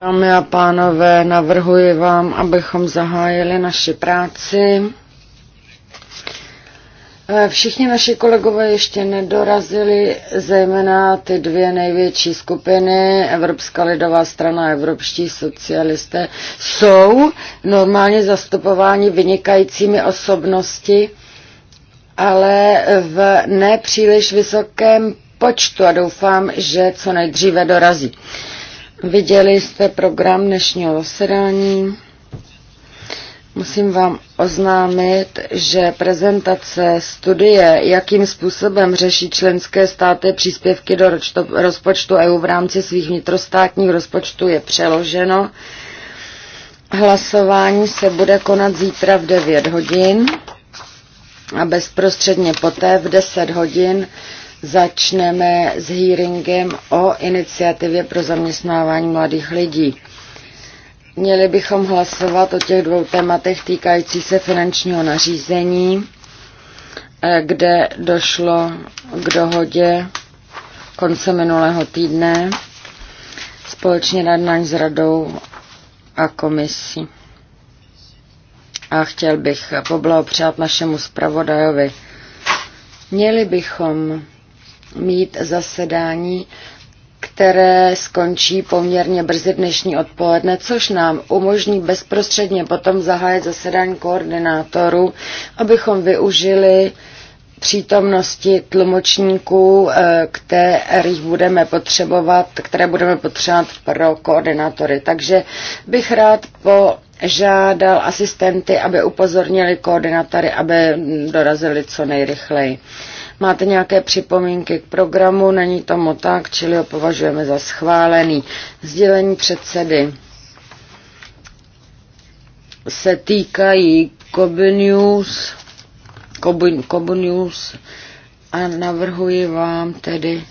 Dámy a pánové, navrhuji vám, abychom zahájili naši práci. Eh, všichni naši kolegové ještě nedorazili, zejména ty dvě největší skupiny, Evropská lidová strana a Evropští socialisté, jsou normálně zastupováni vynikajícími osobnosti, ale v nepříliš vysokém počtu a doufám, že co nejdříve dorazí. Viděli jste program dnešního zasedání. Musím vám oznámit, že prezentace studie, jakým způsobem řeší členské státy příspěvky do rozpočtu EU v rámci svých vnitrostátních rozpočtů, je přeloženo. Hlasování se bude konat zítra v 9 hodin a bezprostředně poté v 10 hodin Začneme s hearingem o iniciativě pro zaměstnávání mladých lidí. Měli bychom hlasovat o těch dvou tématech týkající se finančního nařízení, eh, kde došlo k dohodě konce minulého týdne společně náš s radou a komisí. A chtěl bych poblahopřát našemu zpravodajovi. Měli bychom mít zasedání, které skončí poměrně brzy dnešní odpoledne, což nám umožní bezprostředně potom zahájit zasedání koordinátorů, abychom využili přítomnosti tlumočníků, eh, kterých budeme potřebovat, které budeme potřebovat pro koordinátory. Takže bych rád po žádal asistenty, aby upozornili koordinátory, aby dorazili co nejrychleji. Máte nějaké připomínky k programu? Není tomu tak, čili ho považujeme za schválený. Sdělení předsedy se týkají Kobu News, a navrhuji vám tedy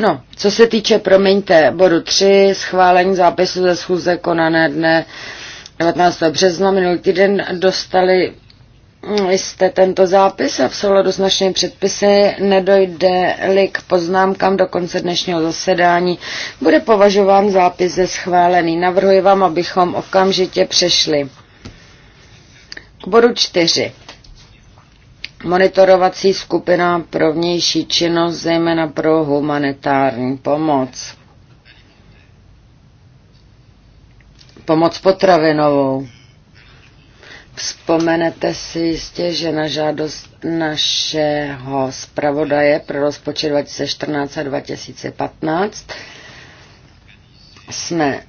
No, co se týče, promiňte, bodu 3, schválení zápisu ze schůze konané dne 19. března minulý týden dostali Mm, jste tento zápis a v souladu s našimi předpisy nedojde-li k poznámkám do konce dnešního zasedání, bude považován zápis ze schválený. Navrhuji vám, abychom okamžitě přešli k bodu čtyři. Monitorovací skupina pro vnější činnost, zejména pro humanitární pomoc. Pomoc potravinovou. Vzpomenete si jistě, že na žádost našeho zpravodaje pro rozpočet 2014 a 2015 jsme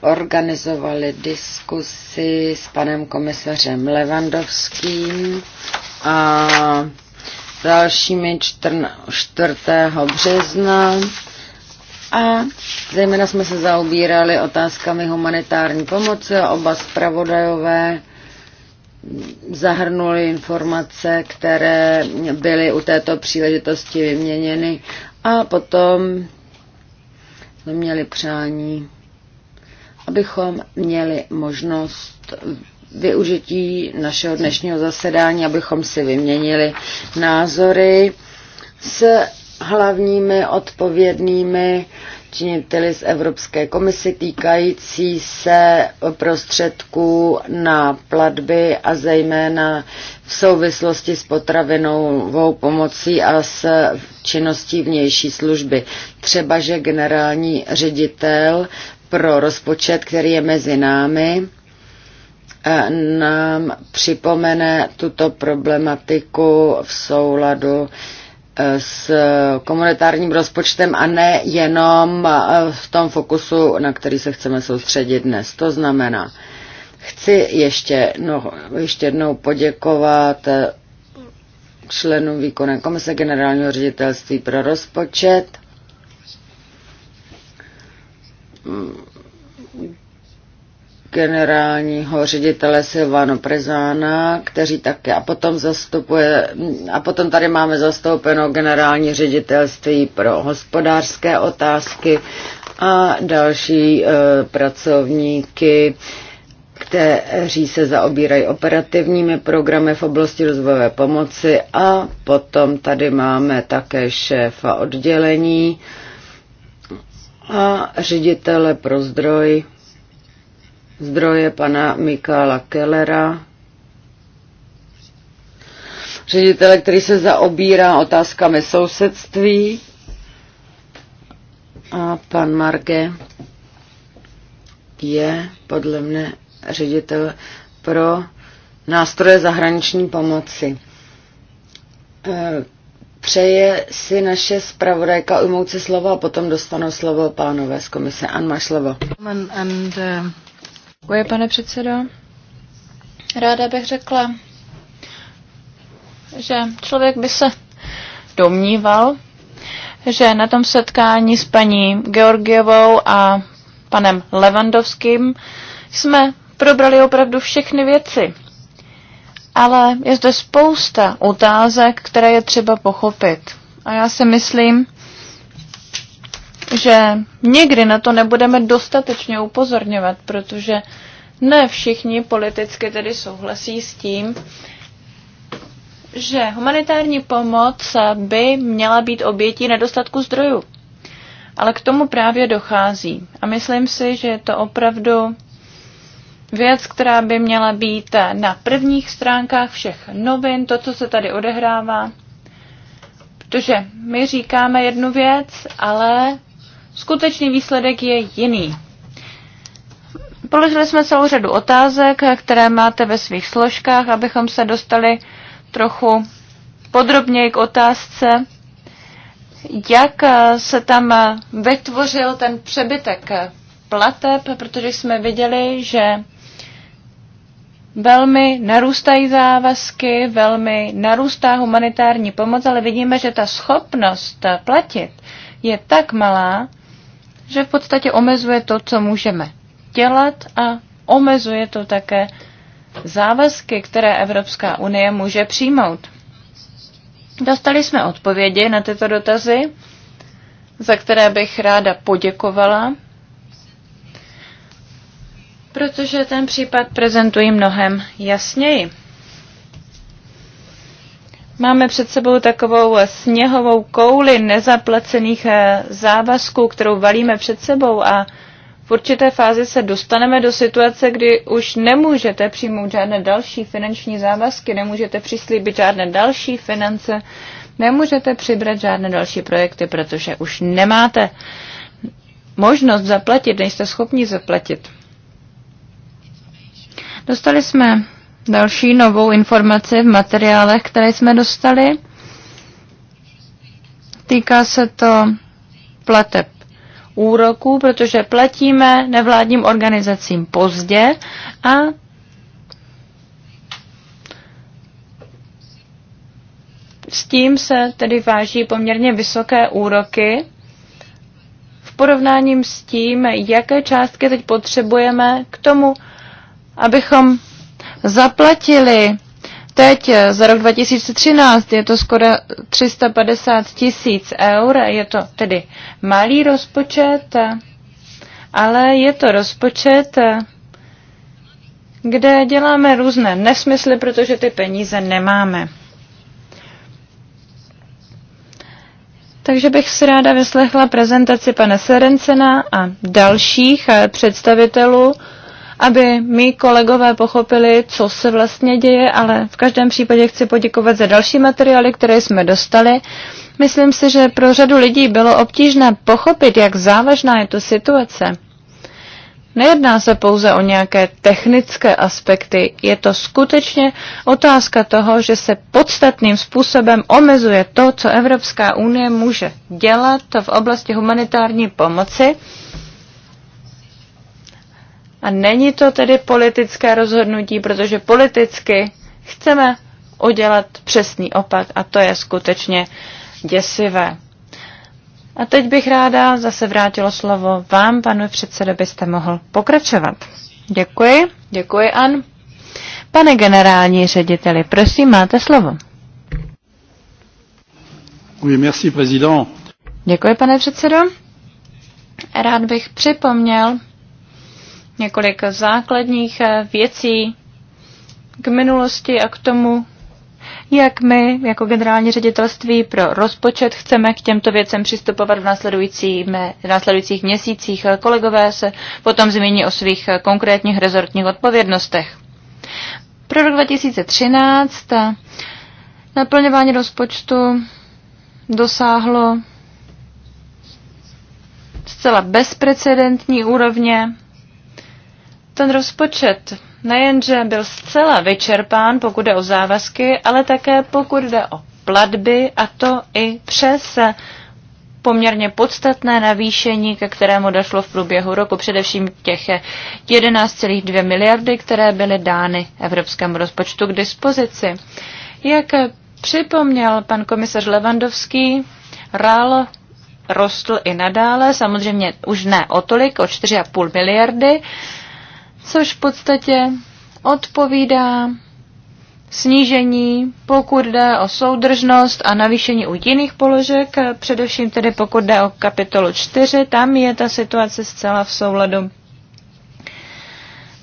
organizovali diskusi s panem komisařem Levandovským a dalšími 4. března a zejména jsme se zaobírali otázkami humanitární pomoci a oba zpravodajové zahrnuli informace, které byly u této příležitosti vyměněny a potom jsme měli přání, abychom měli možnost využití našeho dnešního zasedání, abychom si vyměnili názory s hlavními odpovědnými činiteli z Evropské komise týkající se prostředků na platby a zejména v souvislosti s potravinovou pomocí a s činností vnější služby. Třeba, že generální ředitel pro rozpočet, který je mezi námi, eh, nám připomene tuto problematiku v souladu s komunitárním rozpočtem a ne jenom eh, v tom fokusu, na který se chceme soustředit dnes. To znamená, chci ještě, no, ještě jednou poděkovat eh, členům výkonné komise generálního ředitelství pro rozpočet generálního ředitele Silvano Prezána, kteří také a potom zastupuje, a potom tady máme zastoupeno generální ředitelství pro hospodářské otázky a další e, pracovníky, kteří se zaobírají operativními programy v oblasti rozvojové pomoci a potom tady máme také šéfa oddělení a ředitele pro zdroj zdroje pana Mikála Kellera, ředitele, který se zaobírá otázkami sousedství. A pan Marge je podle mne ředitel pro nástroje zahraniční pomoci. E, přeje si naše zpravodajka ujmout si slovo a potom dostanou slovo pánové z komise. An, máš slovo. and, uh... Děkuji, pane předsedo. Ráda bych řekla, že člověk by se domníval, že na tom setkání s paní Georgievou a panem Levandovským jsme probrali opravdu všechny věci. Ale je zde spousta otázek, které je třeba pochopit. A já si myslím, že někdy na to nebudeme dostatečně upozorňovat, protože ne všichni politicky tedy souhlasí s tím, že humanitární pomoc by měla být obětí nedostatku zdrojů. Ale k tomu právě dochází. A myslím si, že je to opravdu věc, která by měla být na prvních stránkách všech novin, to, co se tady odehrává. Protože my říkáme jednu věc, ale skutečný výsledek je jiný. Položili jsme celou řadu otázek, které máte ve svých složkách, abychom se dostali trochu podrobněji k otázce, jak se tam vytvořil ten přebytek plateb, protože jsme viděli, že velmi narůstají závazky, velmi narůstá humanitární pomoc, ale vidíme, že ta schopnost platit je tak malá, že v podstatě omezuje to, co můžeme dělat a omezuje to také závazky, které Evropská unie může přijmout. Dostali jsme odpovědi na tyto dotazy, za které bych ráda poděkovala, protože ten případ prezentuji mnohem jasněji. Máme před sebou takovou sněhovou kouli nezaplacených eh, závazků, kterou valíme před sebou a v určité fázi se dostaneme do situace, kdy už nemůžete přijmout žádné další finanční závazky, nemůžete přislíbit žádné další finance, nemůžete přibrat žádné další projekty, protože už nemáte možnost zaplatit, nejste schopni zaplatit. Dostali jsme další novou informaci v materiálech, které jsme dostali. Týká se to plateb úroků, protože platíme nevládním organizacím pozdě a s tím se tedy váží poměrně vysoké úroky v porovnáním s tím, jaké částky teď potřebujeme k tomu, abychom zaplatili. Teď eh, za rok 2013 je to skoro 350 tisíc eur, je to tedy malý rozpočet, ale je to rozpočet, kde děláme různé nesmysly, protože ty peníze nemáme. Takže bych si ráda vyslechla prezentaci pana Serencena a dalších eh, představitelů aby mý kolegové pochopili, co se vlastně děje, ale v každém případě chci poděkovat za další materiály, které jsme dostali. Myslím si, že pro řadu lidí bylo obtížné pochopit, jak závažná je to situace. Nejedná se pouze o nějaké technické aspekty, je to skutečně otázka toho, že se podstatným způsobem omezuje to, co Evropská unie může dělat v oblasti humanitární pomoci a není to tedy politické rozhodnutí, protože politicky chceme udělat přesný opak a to je skutečně děsivé. A teď bych ráda zase vrátilo slovo vám, pane předsedo, byste mohl pokračovat. Děkuji, děkuji, An. Pane generální řediteli, prosím, máte slovo. Oui, merci, président. Děkuji, pane předsedo. Rád bych připomněl několik základních eh, věcí k minulosti a k tomu, jak my jako generální ředitelství pro rozpočet chceme k těmto věcem přistupovat v, následující, v následujících měsících. Kolegové se potom zmíní o svých konkrétních rezortních odpovědnostech. Pro rok 2013 eh, naplňování rozpočtu dosáhlo zcela bezprecedentní úrovně ten rozpočet nejenže byl zcela vyčerpán, pokud jde o závazky, ale také pokud jde o platby, a to i přes poměrně podstatné navýšení, ke kterému došlo v průběhu roku, především těch 11,2 miliardy, které byly dány evropskému rozpočtu k dispozici. Jak připomněl pan komisař Levandovský, RAL rostl i nadále, samozřejmě už ne o tolik, o 4,5 miliardy, což v podstatě odpovídá snížení, pokud jde o soudržnost a navýšení u jiných položek, především tedy pokud jde o kapitolu 4, tam je ta situace zcela v souladu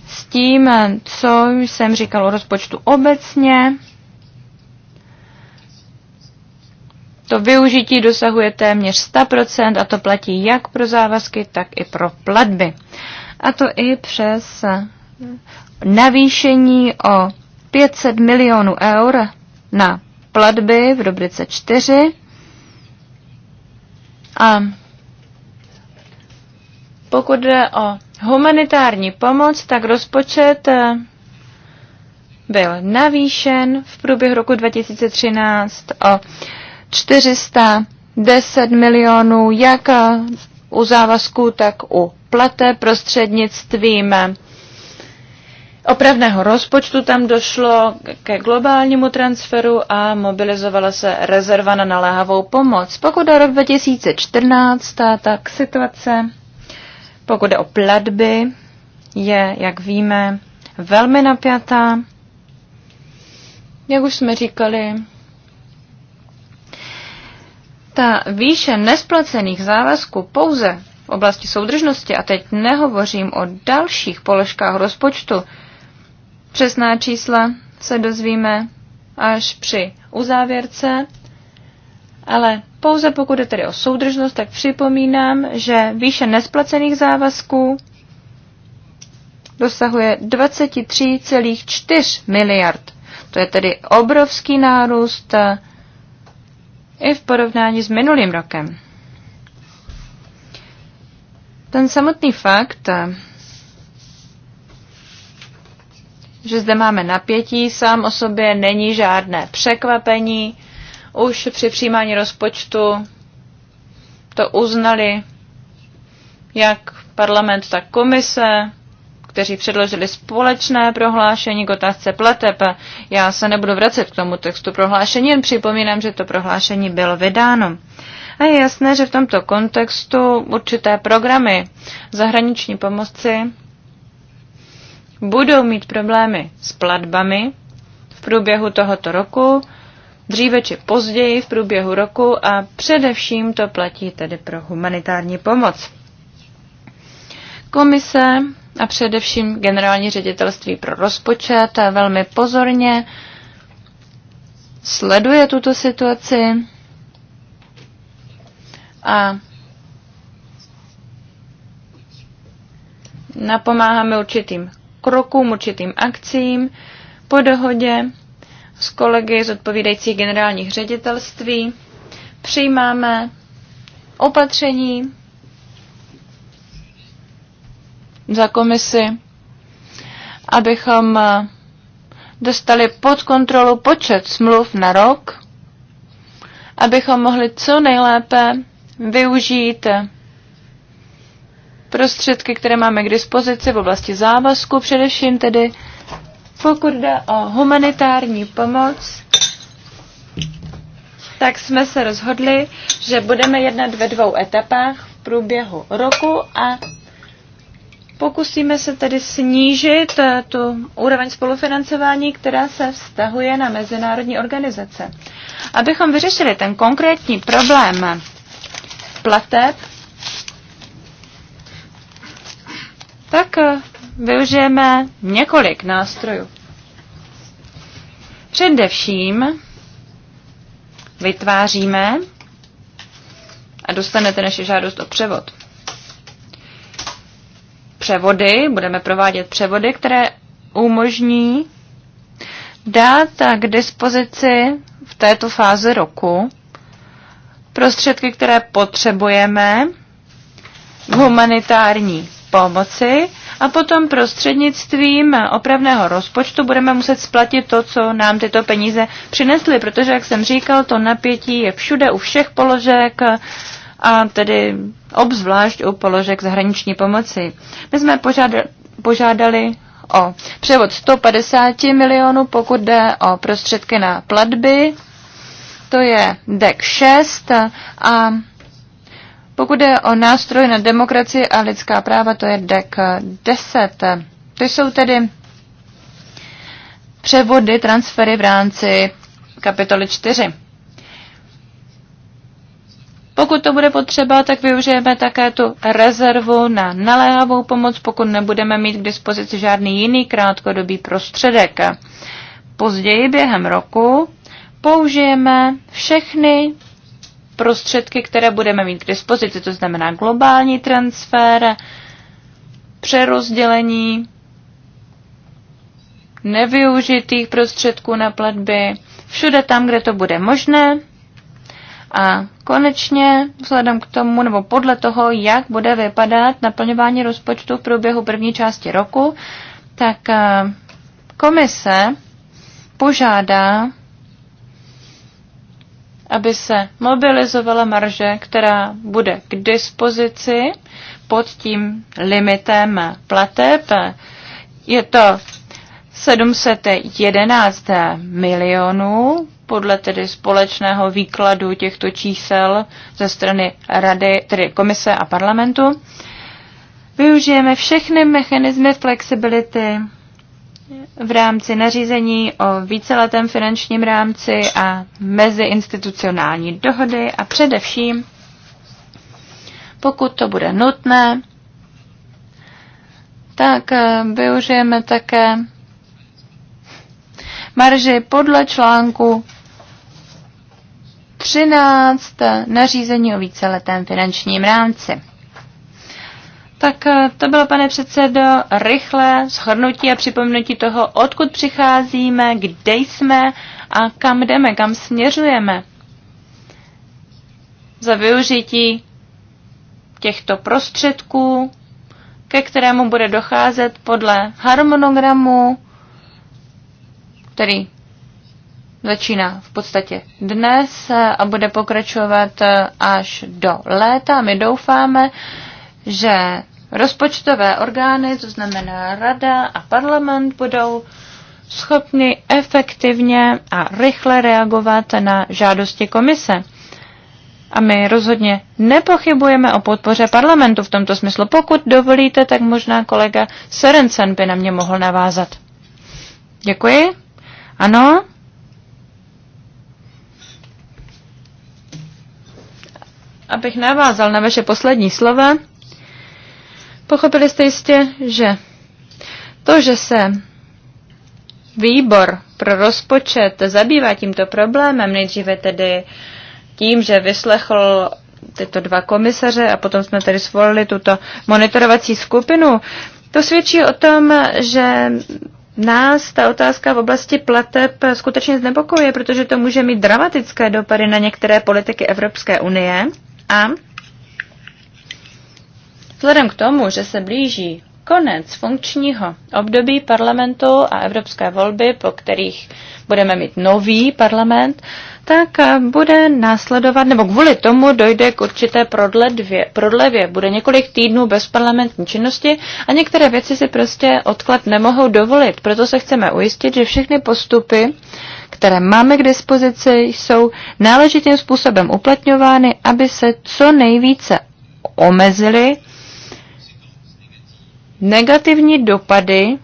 s tím, co jsem říkal o rozpočtu obecně. To využití dosahuje téměř 100% a to platí jak pro závazky, tak i pro platby a to i přes navýšení o 500 milionů eur na platby v rubrice 4 a pokud jde o humanitární pomoc, tak rozpočet eh, byl navýšen v průběhu roku 2013 o 410 milionů, jak u závazků, tak u plate prostřednictvím opravného rozpočtu tam došlo ke globálnímu transferu a mobilizovala se rezerva na naléhavou pomoc. Pokud o rok 2014, tak situace, pokud jde o platby, je, jak víme, velmi napjatá. Jak už jsme říkali, ta výše nesplacených závazků pouze v oblasti soudržnosti, a teď nehovořím o dalších položkách rozpočtu, přesná čísla se dozvíme až při uzávěrce, ale pouze pokud je tedy o soudržnost, tak připomínám, že výše nesplacených závazků dosahuje 23,4 miliard. To je tedy obrovský nárůst i v porovnání s minulým rokem. Ten samotný fakt, že zde máme napětí, sám o sobě není žádné překvapení. Už při přijímání rozpočtu to uznali jak parlament, tak komise kteří předložili společné prohlášení k otázce pleteb. Já se nebudu vracet k tomu textu prohlášení, jen připomínám, že to prohlášení bylo vydáno. A je jasné, že v tomto kontextu určité programy zahraniční pomoci budou mít problémy s platbami v průběhu tohoto roku, dříve či později v průběhu roku a především to platí tedy pro humanitární pomoc. Komise a především generální ředitelství pro rozpočet velmi pozorně sleduje tuto situaci a napomáháme určitým krokům, určitým akcím po dohodě s kolegy z odpovídajících generálních ředitelství. Přijímáme opatření, za komisi, abychom eh, dostali pod kontrolu počet smluv na rok, abychom mohli co nejlépe využít eh, prostředky, které máme k dispozici v oblasti závazku, především tedy pokud jde o humanitární pomoc, tak jsme se rozhodli, že budeme jednat ve dvou etapách v průběhu roku a Pokusíme se tedy snížit eh, tu úroveň spolufinancování, která se vztahuje na mezinárodní organizace. Abychom vyřešili ten konkrétní problém plateb, tak eh, využijeme několik nástrojů. Především vytváříme a dostanete naše žádost o převod převody, budeme provádět převody, které umožní dát k dispozici v této fázi roku prostředky, které potřebujeme v humanitární pomoci a potom prostřednictvím opravného rozpočtu budeme muset splatit to, co nám tyto peníze přinesly, protože, jak jsem říkal, to napětí je všude u všech položek, a tedy obzvlášť u položek zahraniční pomoci. My jsme požádali, požádali o převod 150 milionů, pokud jde o prostředky na platby, to je DEC 6 a pokud jde o nástroj na demokracii a lidská práva, to je DEC 10. To jsou tedy převody, transfery v rámci kapitoly 4. Pokud to bude potřeba, tak využijeme také tu rezervu na naléhavou pomoc, pokud nebudeme mít k dispozici žádný jiný krátkodobý prostředek. Později během roku použijeme všechny prostředky, které budeme mít k dispozici, to znamená globální transfer, přerozdělení nevyužitých prostředků na platby, všude tam, kde to bude možné a konečně, vzhledem k tomu, nebo podle toho, jak bude vypadat naplňování rozpočtu v průběhu první části roku, tak eh, komise požádá, aby se mobilizovala marže, která bude k dispozici pod tím limitem plateb. Je to 711 milionů podle tedy společného výkladu těchto čísel ze strany rady, tedy komise a parlamentu. Využijeme všechny mechanismy flexibility v rámci nařízení o víceletém finančním rámci a meziinstitucionální dohody a především, pokud to bude nutné, tak eh, využijeme také marži podle článku 13 nařízení o víceletém finančním rámci. Tak eh, to bylo, pane předsedo, rychlé shrnutí a připomenutí toho, odkud přicházíme, kde jsme a kam jdeme, kam směřujeme. Za využití těchto prostředků, ke kterému bude docházet podle harmonogramu, který začíná v podstatě dnes eh, a bude pokračovat eh, až do léta. My doufáme, že rozpočtové orgány, to znamená rada a parlament, budou schopni efektivně a rychle reagovat na žádosti komise. A my rozhodně nepochybujeme o podpoře parlamentu v tomto smyslu. Pokud dovolíte, tak možná kolega Serencen by na mě mohl navázat. Děkuji. Ano, abych navázal na vaše poslední slova, pochopili jste jistě, že to, že se výbor pro rozpočet zabývá tímto problémem, nejdříve tedy tím, že vyslechl tyto dva komisaře a potom jsme tedy svolili tuto monitorovací skupinu, to svědčí o tom, že nás ta otázka v oblasti plateb skutečně znepokojuje, protože to může mít dramatické dopady na některé politiky Evropské unie a vzhledem k tomu, že se blíží konec funkčního období parlamentu a evropské volby, po kterých budeme mít nový parlament, tak eh, bude následovat, nebo kvůli tomu dojde k určité prodledvě, prodlevě. Bude několik týdnů bez parlamentní činnosti a některé věci si prostě odklad nemohou dovolit. Proto se chceme ujistit, že všechny postupy, které máme k dispozici, jsou náležitým způsobem uplatňovány, aby se co nejvíce omezily negativní dopady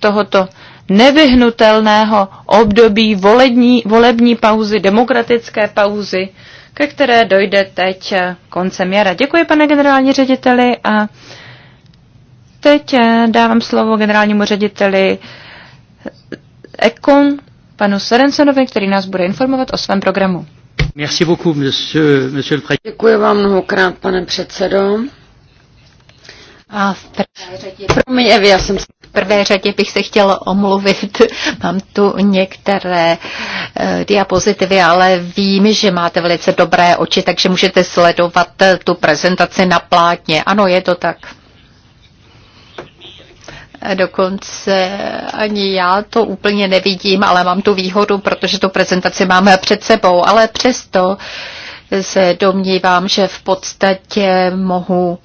tohoto nevyhnutelného období volební, volební pauzy, demokratické pauzy, ke které dojde teď koncem jara. Děkuji, pane generální řediteli, a teď dávám slovo generálnímu řediteli Ekon panu Sorensenovi, který nás bude informovat o svém programu. Merci beaucoup, monsieur, monsieur le Děkuji vám mnohokrát, pane předsedo. A v prvé řadě, já jsem... v prvé řadě bych se chtěla omluvit. Mám tu některé uh, diapozitivy, ale vím, že máte velice dobré oči, takže můžete sledovat eh, tu prezentaci na plátně. Ano, je to tak. Dokonce ani já to úplně nevidím, ale mám tu výhodu, protože tu prezentaci máme před sebou. Ale přesto se domnívám, že v podstatě mohu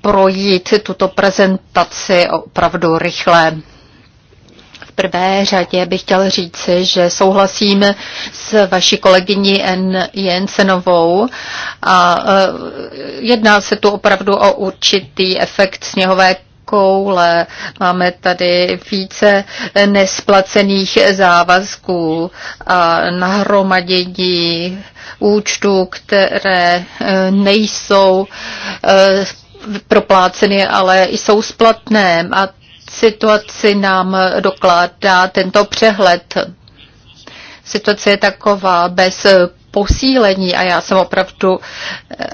projít tuto prezentaci opravdu rychle V prvé řadě bych chtěl říct, že souhlasím s vaší kolegyní N. Jensenovou a e, jedná se tu opravdu o určitý efekt sněhové koule. Máme tady více nesplacených závazků a nahromadění účtů, které eh, nejsou eh, propláceny, ale jsou splatné a situaci nám dokládá tento přehled. Situace je taková bez posílení a já jsem opravdu eh,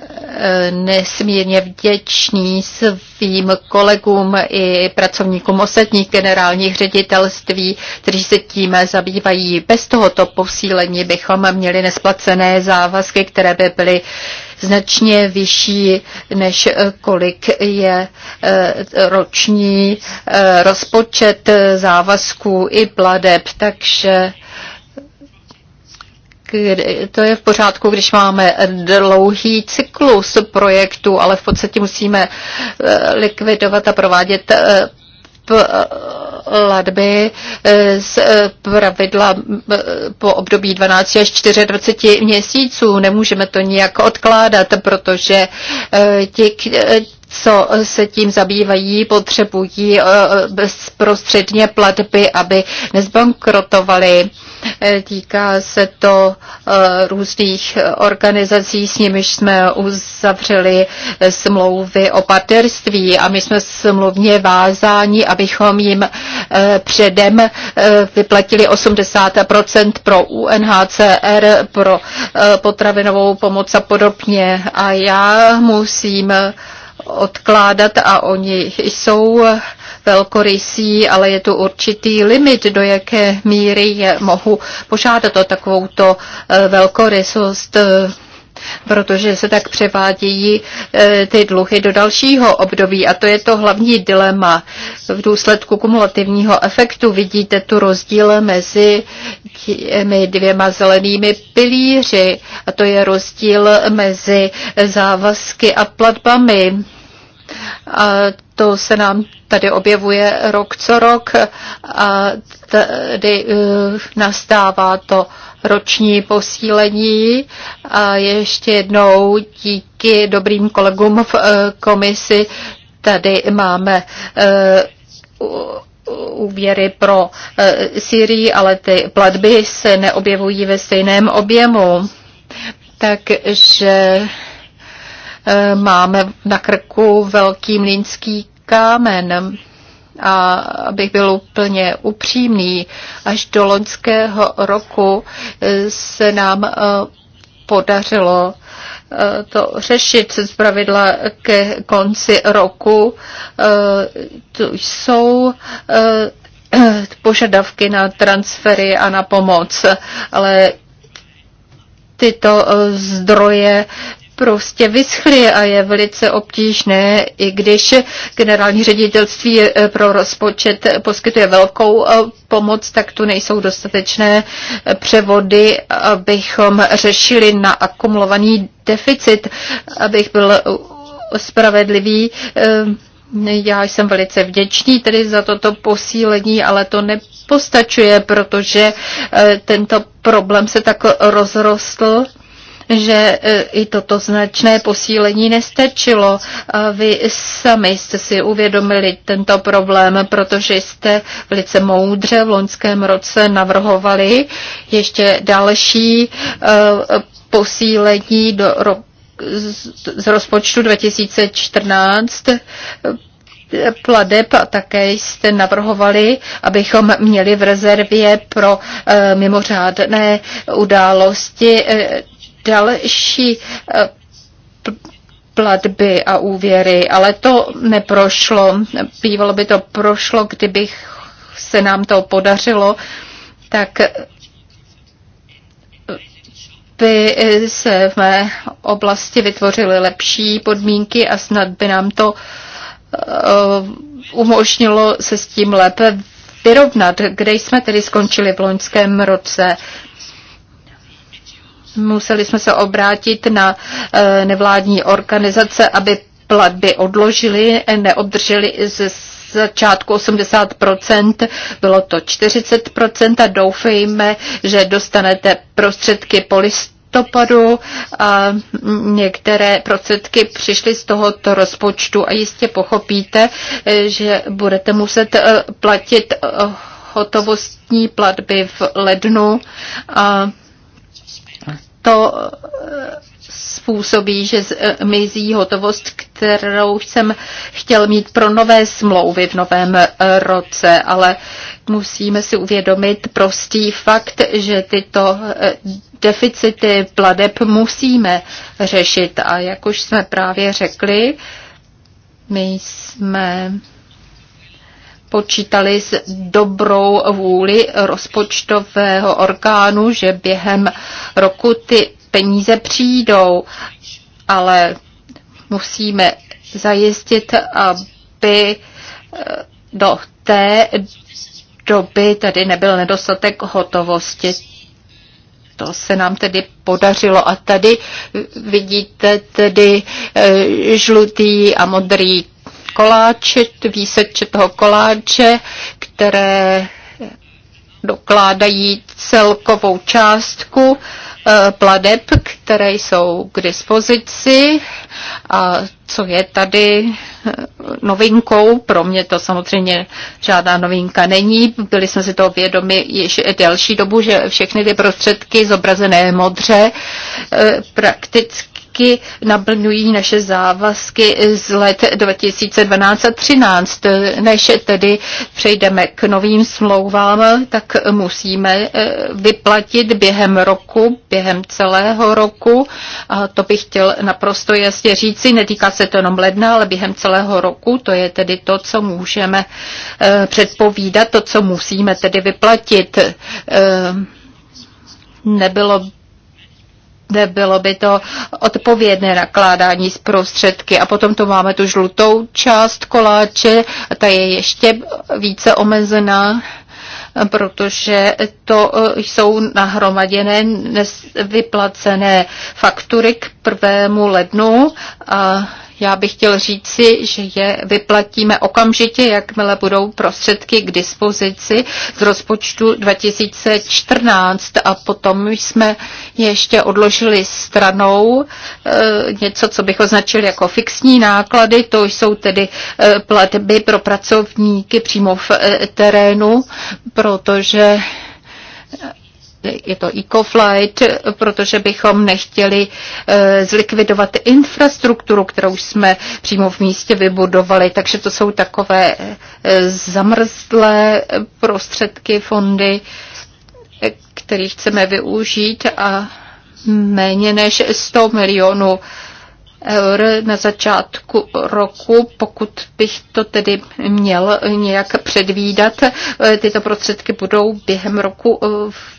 nesmírně vděčný svým kolegům i pracovníkům ostatních generálních ředitelství, kteří se tím zabývají. Bez tohoto posílení bychom měli nesplacené závazky, které by byly značně vyšší, než kolik je eh, roční eh, rozpočet závazků i pladeb, takže to je v pořádku, když máme dlouhý cyklus projektu, ale v podstatě musíme eh, likvidovat a provádět eh, platby eh, z pravidla po období 12 až 24 měsíců. Nemůžeme to nijak odkládat, protože ti, co se tím zabývají, potřebují eh, bezprostředně platby, aby nezbankrotovali. Eh, týká se to eh, různých organizací, s nimiž jsme uzavřeli smlouvy o partnerství a my jsme smluvně vázáni, abychom jim předem vyplatili 80% pro UNHCR, pro potravinovou pomoc a podobně. A já musím odkládat a oni jsou velkorysí, ale je tu určitý limit, do jaké míry je mohu požádat o takovouto eh, velkorysost eh, protože se tak převádějí eh, ty dluhy do dalšího období a to je to hlavní dilema. V důsledku kumulativního efektu vidíte tu rozdíl mezi těmi dvěma zelenými pilíři a to je rozdíl mezi závazky a platbami. A to se nám tady objevuje rok co rok a tady eh, nastává to roční posílení. A ještě jednou díky dobrým kolegům v eh, komisi tady máme eh, úvěry pro Syrii, ale ty platby se neobjevují ve stejném objemu. Takže Eh, máme na krku velký mlínský kámen. A abych byl úplně upřímný, až do loňského roku eh, se nám eh, podařilo to řešit z pravidla ke konci roku. To jsou požadavky na transfery a na pomoc, ale tyto zdroje prostě vyschly a je velice obtížné, i když generální ředitelství eh, pro rozpočet poskytuje velkou eh, pomoc, tak tu nejsou dostatečné eh, převody, abychom řešili na akumulovaný deficit, abych byl spravedlivý. Já jsem velice vděčný tedy za toto posílení, ale to nepostačuje, protože tento problém se tak rozrostl že e, i toto značné posílení nestačilo. E, vy sami jste si uvědomili tento problém, protože jste velice moudře v loňském roce navrhovali ještě další e, posílení do ro- z rozpočtu 2014 pladeb a také jste navrhovali, abychom měli v rezervě pro mimořádné události další eh, platby a úvěry, ale to neprošlo. Bývalo by to prošlo, kdybych se nám to podařilo, tak eh, by se v mé oblasti vytvořily lepší podmínky a snad by nám to eh, umožnilo se s tím lépe vyrovnat, kde jsme tedy skončili v loňském roce museli jsme se obrátit na eh, nevládní organizace, aby platby odložili, neobdrželi ze začátku 80%, bylo to 40% a doufejme, že dostanete prostředky po listopadu a některé prostředky přišly z tohoto rozpočtu a jistě pochopíte, že budete muset eh, platit eh, hotovostní platby v lednu a to eh, způsobí, že zmizí eh, hotovost, kterou jsem chtěl mít pro nové smlouvy v novém eh, roce, ale musíme si uvědomit prostý fakt, že tyto deficity pladeb musíme řešit. A jak už jsme právě řekli, my jsme počítali s dobrou vůli rozpočtového orgánu, že během roku ty peníze přijdou, ale musíme zajistit, aby eh, do té doby tady nebyl nedostatek hotovosti. To se nám tedy podařilo. A tady vidíte tedy eh, žlutý a modrý koláče, výseče toho koláče, které dokládají celkovou částku eh, pladeb, které jsou k dispozici. A co je tady eh, novinkou, pro mě to samozřejmě žádná novinka není, byli jsme si toho vědomi již delší dobu, že všechny ty prostředky zobrazené modře eh, prakticky taky naplňují naše závazky z let 2012 a 13. Než tedy přejdeme k novým smlouvám, tak musíme eh, vyplatit během roku, během celého roku, a to bych chtěl naprosto jasně říci, netýká se to jenom ledna, ale během celého roku, to je tedy to, co můžeme eh, předpovídat, to, co musíme tedy vyplatit eh, nebylo nebylo by to odpovědné nakládání s prostředky. A potom to máme tu žlutou část koláče, ta je ještě více omezená protože to eh, jsou nahromaděné vyplacené faktury k prvému lednu a já bych chtěl říci, že je vyplatíme okamžitě, jakmile budou prostředky k dispozici z rozpočtu 2014 a potom jsme ještě odložili stranou eh, něco, co bych označil jako fixní náklady, to jsou tedy eh, platby pro pracovníky přímo v eh, terénu, protože je to EcoFlight, protože bychom nechtěli eh, zlikvidovat infrastrukturu, kterou jsme přímo v místě vybudovali. Takže to jsou takové eh, zamrzlé prostředky, fondy, eh, které chceme využít a méně než 100 milionů eur na začátku roku, pokud bych to tedy měl nějak předvídat. Tyto prostředky budou během roku eh,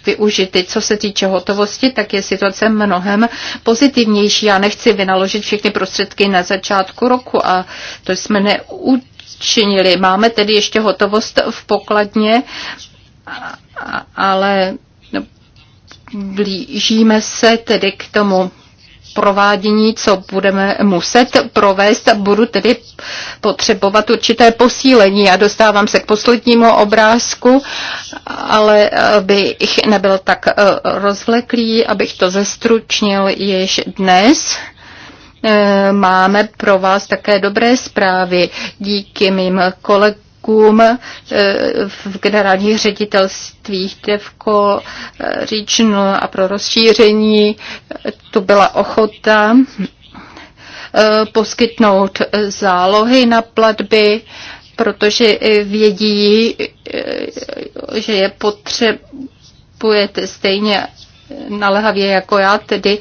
využity. Co se týče hotovosti, tak je situace mnohem pozitivnější. Já nechci vynaložit všechny prostředky na začátku roku a to jsme neučinili. Máme tedy ještě hotovost v pokladně, ale blížíme se tedy k tomu provádění, co budeme muset provést budu tedy potřebovat určité posílení. Já dostávám se k poslednímu obrázku, ale eh, bych nebyl tak eh, rozvleklý, abych to zestručnil již dnes eh, máme pro vás také dobré zprávy. Díky mým kolegům kolegům eh, v generálních ředitelstvích DEVKO, Region eh, a pro rozšíření. Eh, to byla ochota poskytnout zálohy na platby, protože vědí, že je potřebujete stejně naléhavě jako já, tedy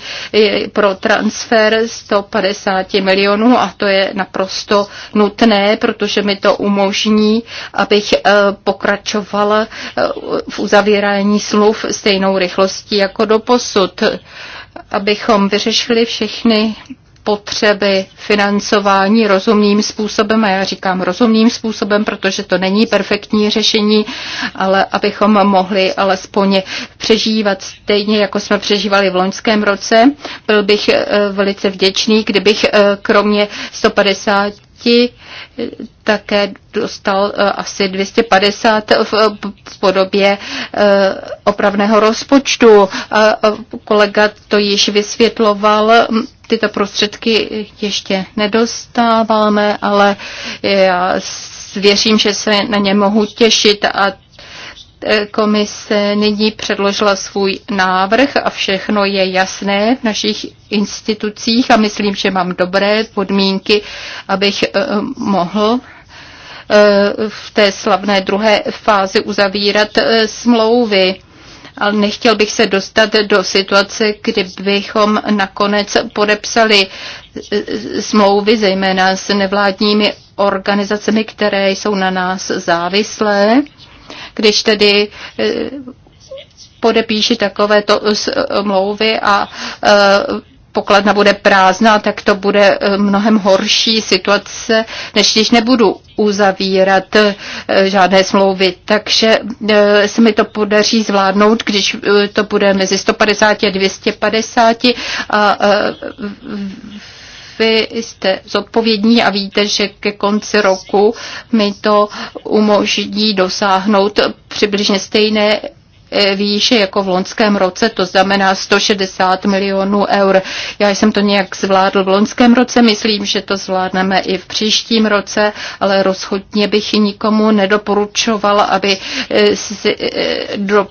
pro transfer 150 milionů a to je naprosto nutné, protože mi to umožní, abych eh, pokračovala eh, v uzavírání slov stejnou rychlostí jako do posud, abychom vyřešili všechny potřeby financování rozumným způsobem, a já říkám rozumným způsobem, protože to není perfektní řešení, ale abychom mohli alespoň přežívat stejně, jako jsme přežívali v loňském roce. Byl bych eh, velice vděčný, kdybych eh, kromě 150 děti také dostal eh, asi 250 v podobě eh, opravného rozpočtu. Eh, kolega to již vysvětloval, hm, tyto prostředky ještě nedostáváme, ale já věřím, že se na ně mohu těšit a E, komise nyní předložila svůj návrh a všechno je jasné v našich institucích a myslím, že mám dobré podmínky, abych e, mohl e, v té slavné druhé fázi uzavírat smlouvy. Ale nechtěl bych se dostat do situace, kdybychom nakonec podepsali smlouvy, zejména s nevládními organizacemi, které jsou na nás závislé když tedy e, podepíši takovéto smlouvy e, a e, pokladna bude prázdná, tak to bude mnohem horší situace, než když nebudu uzavírat žádné smlouvy. Takže se mi to podaří zvládnout, když to bude mezi 150 a 250 a vy jste zodpovědní a víte, že ke konci roku mi to umožní dosáhnout přibližně stejné eh, výše jako v loňském roce, to znamená 160 milionů eur. Já jsem to nějak zvládl v loňském roce, myslím, že to zvládneme i v příštím roce, ale rozhodně bych nikomu nedoporučoval, aby eh, si eh, do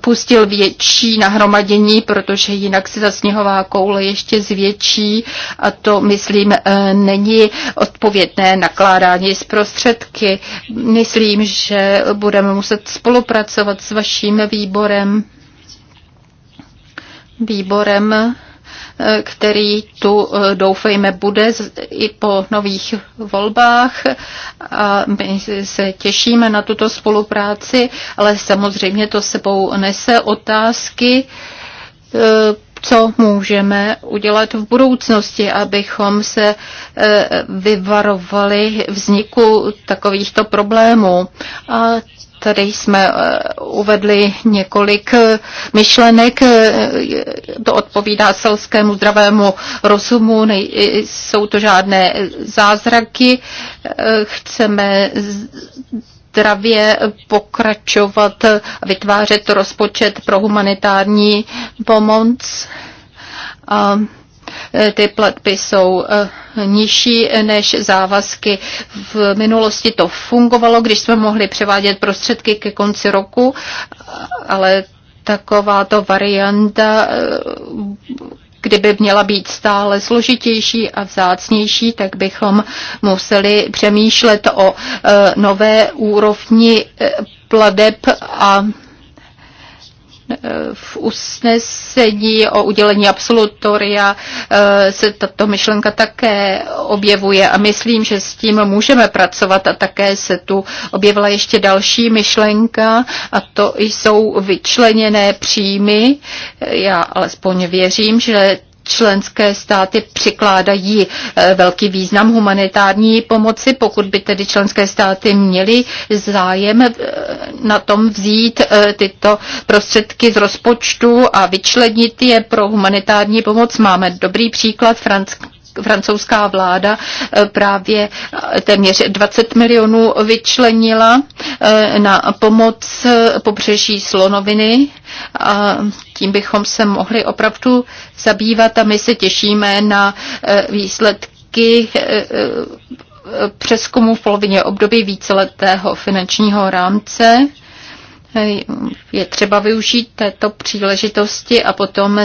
pustil větší nahromadění, protože jinak se ta sněhová koule ještě zvětší a to, myslím, eh, není odpovědné nakládání z prostředky. Myslím, že budeme muset spolupracovat s vaším výborem. Výborem který tu eh, doufejme bude i po nových volbách. A my se těšíme na tuto spolupráci, ale samozřejmě to sebou nese otázky, eh, co můžeme udělat v budoucnosti, abychom se eh, vyvarovali vzniku takovýchto problémů. A Tady jsme eh, uvedli několik eh, myšlenek. Eh, to odpovídá selskému zdravému rozumu. Jsou to žádné zázraky. Chceme zdravě pokračovat a vytvářet rozpočet pro humanitární pomoc. A Eh, ty platby jsou eh, nižší než závazky. V minulosti to fungovalo, když jsme mohli převádět prostředky ke konci roku, ale takováto varianta eh, kdyby měla být stále složitější a vzácnější, tak bychom museli přemýšlet o nové úrovni pladeb a v usnesení o udělení absolutoria eh, se tato myšlenka také objevuje a myslím, že s tím můžeme pracovat a také se tu objevila ještě další myšlenka a to jsou vyčleněné příjmy. Já alespoň věřím, že členské státy přikládají eh, velký význam humanitární pomoci, pokud by tedy členské státy měly zájem eh, na tom vzít eh, tyto prostředky z rozpočtu a vyčlenit je pro humanitární pomoc. Máme dobrý příklad Francie francouzská vláda eh, právě eh, téměř 20 milionů vyčlenila eh, na pomoc pobřeží Slonoviny a tím bychom se mohli opravdu zabývat a my se těšíme na výsledky přeskumu v polovině období víceletého finančního rámce. Je třeba využít této příležitosti a potom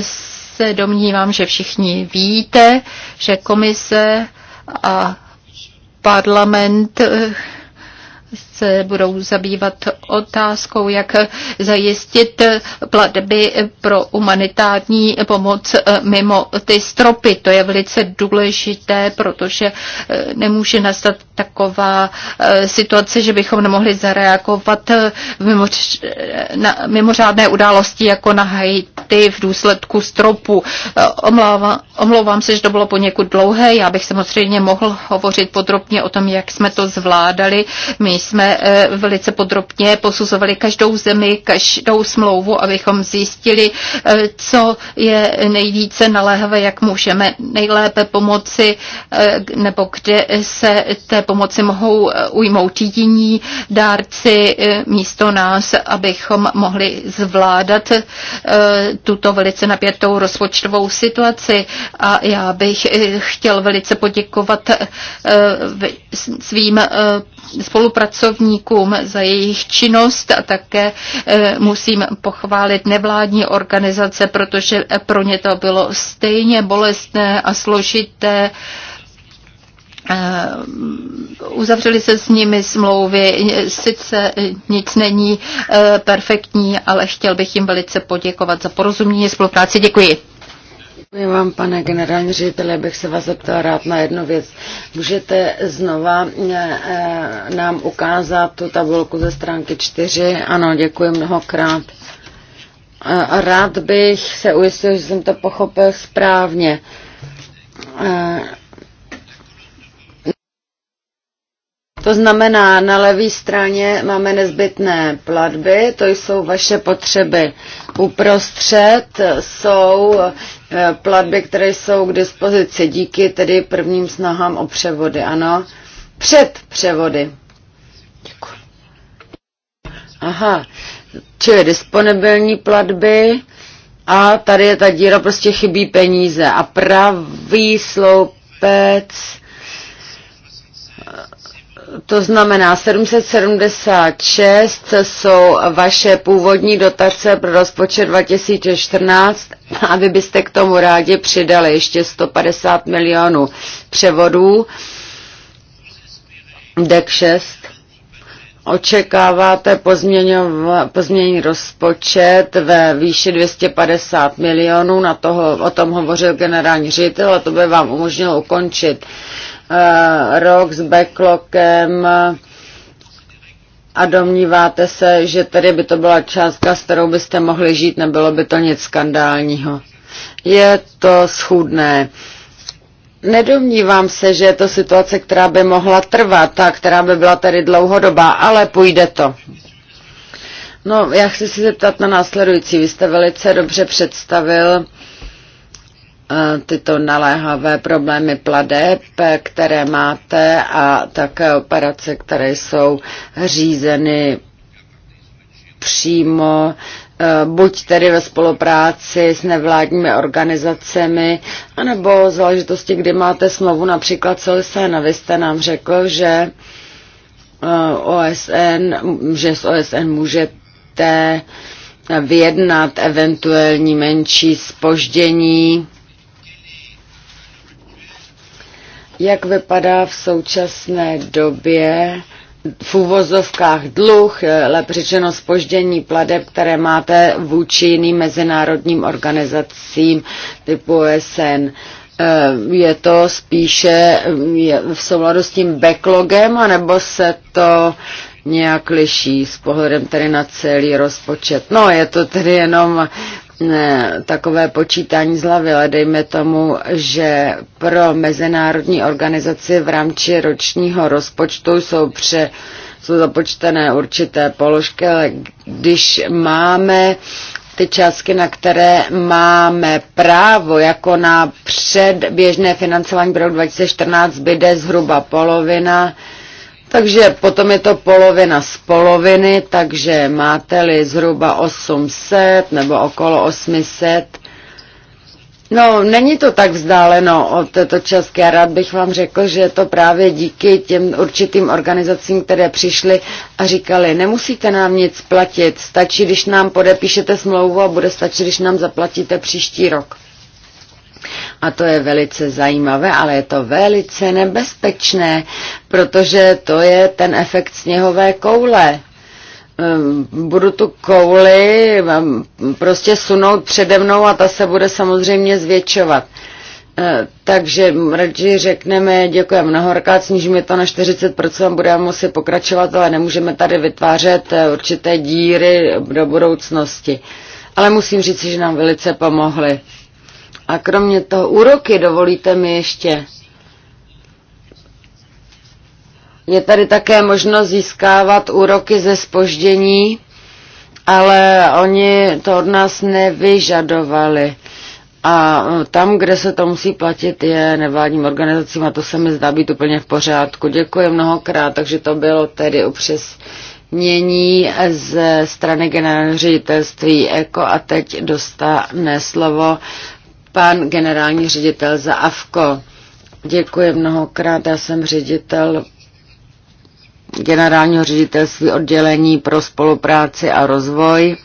se domnívám, že všichni víte, že komise a parlament se budou zabývat otázkou, jak zajistit platby pro humanitární pomoc eh, mimo ty stropy. To je velice důležité, protože eh, nemůže nastat taková eh, situace, že bychom nemohli zareagovat na mimořádné události jako na Haiti v důsledku stropu. Omlouvám, omlouvám se, že to bylo poněkud dlouhé. Já bych samozřejmě mohl hovořit podrobně o tom, jak jsme to zvládali. My jsme Eh, velice podrobně posuzovali každou zemi, každou smlouvu, abychom zjistili, eh, co je nejvíce naléhavé, jak můžeme nejlépe pomoci, eh, nebo kde se té pomoci mohou ujmout jiní dárci místo nás, abychom mohli zvládat tuto velice napětou rozpočtovou situaci. A já bych chtěl velice poděkovat svým spolupracovníkům, pracovníkům za jejich činnost a také eh, musím pochválit nevládní organizace, protože pro ně to bylo stejně bolestné a složité eh, uzavřeli se s nimi smlouvy. Sice nic není eh, perfektní, ale chtěl bych jim velice poděkovat za porozumění spolupráci. Děkuji. Děkuji vám, pane generální ředitele, bych se vás zeptala rád na jednu věc. Můžete znova eh, eh, nám ukázat tu tabulku ze stránky 4? Ano, děkuji mnohokrát. Eh, rád bych se ujistil, že jsem to pochopil správně. To znamená, na levé straně máme nezbytné platby, to jsou vaše potřeby. Uprostřed jsou Eh, platby, které jsou k dispozici díky tedy prvním snahám o převody, ano? Před převody. Děkuji. Aha, čili disponibilní platby a tady je ta díra, prostě chybí peníze. A pravý sloupec to znamená 776 jsou vaše původní dotace pro rozpočet 2014 a vy byste k tomu rádi přidali ještě 150 milionů převodů. DEC 6. Očekáváte pozmění rozpočet ve výši 250 milionů, na toho, o tom hovořil generální ředitel a to by vám umožnilo ukončit Eh, rok s backlogem a domníváte se, že tady by to byla částka, s kterou byste mohli žít, nebylo by to nic skandálního. Je to schůdné. Nedomnívám se, že je to situace, která by mohla trvat a která by byla tady dlouhodobá, ale půjde to. No, já chci si zeptat na následující. Vy jste velice dobře představil tyto naléhavé problémy pladeb, které máte a také operace, které jsou řízeny přímo e, buď tedy ve spolupráci s nevládními organizacemi, anebo záležitosti, kdy máte smlouvu například s OSN. A vy jste nám řekl, že e, OSN, že s OSN můžete vyjednat eventuální menší spoždění jak vypadá v současné době v úvozovkách dluh, eh, lépe řečeno spoždění pladeb, které máte vůči jiným mezinárodním organizacím typu OSN. Eh, je to spíše mm, v souladu s tím backlogem, anebo se to nějak liší s pohledem tedy na celý rozpočet. No, je to tedy jenom takové počítání z hlavy, ale dejme tomu, že pro mezinárodní organizaci v rámci ročního rozpočtu jsou pře jsou započtené určité položky, ale když máme ty částky, na které máme právo, jako na předběžné financování pro 2014, by zhruba polovina takže potom je to polovina z poloviny, takže máte-li zhruba 800 nebo okolo 800. No, není to tak vzdáleno od této částky. Já rád bych vám řekl, že je to právě díky těm určitým organizacím, které přišly a říkali, nemusíte nám nic platit, stačí, když nám podepíšete smlouvu a bude stačit, když nám zaplatíte příští rok. A to je velice zajímavé, ale je to velice nebezpečné, protože to je ten efekt sněhové koule ehm, budu tu kouli ehm, prostě sunout přede mnou a ta se bude samozřejmě zvětšovat. Eh, takže radši řekneme děkujeme mnohokrát, snížíme to na 40%, budeme muset pokračovat, ale nemůžeme tady vytvářet eh, určité díry do budoucnosti. Ale musím říct, že nám velice pomohly. A kromě toho úroky, dovolíte mi ještě, je tady také možnost získávat úroky ze spoždění, ale oni to od nás nevyžadovali. A tam, kde se to musí platit, je nevládním organizacím a to se mi zdá být úplně v pořádku. Děkuji mnohokrát, takže to bylo tedy upřesnění ze strany generálního ředitelství ECO a teď dostane slovo pan generální ředitel za AFKO. Děkuji mnohokrát, já jsem ředitel generálního ředitelství oddělení pro spolupráci a rozvoj.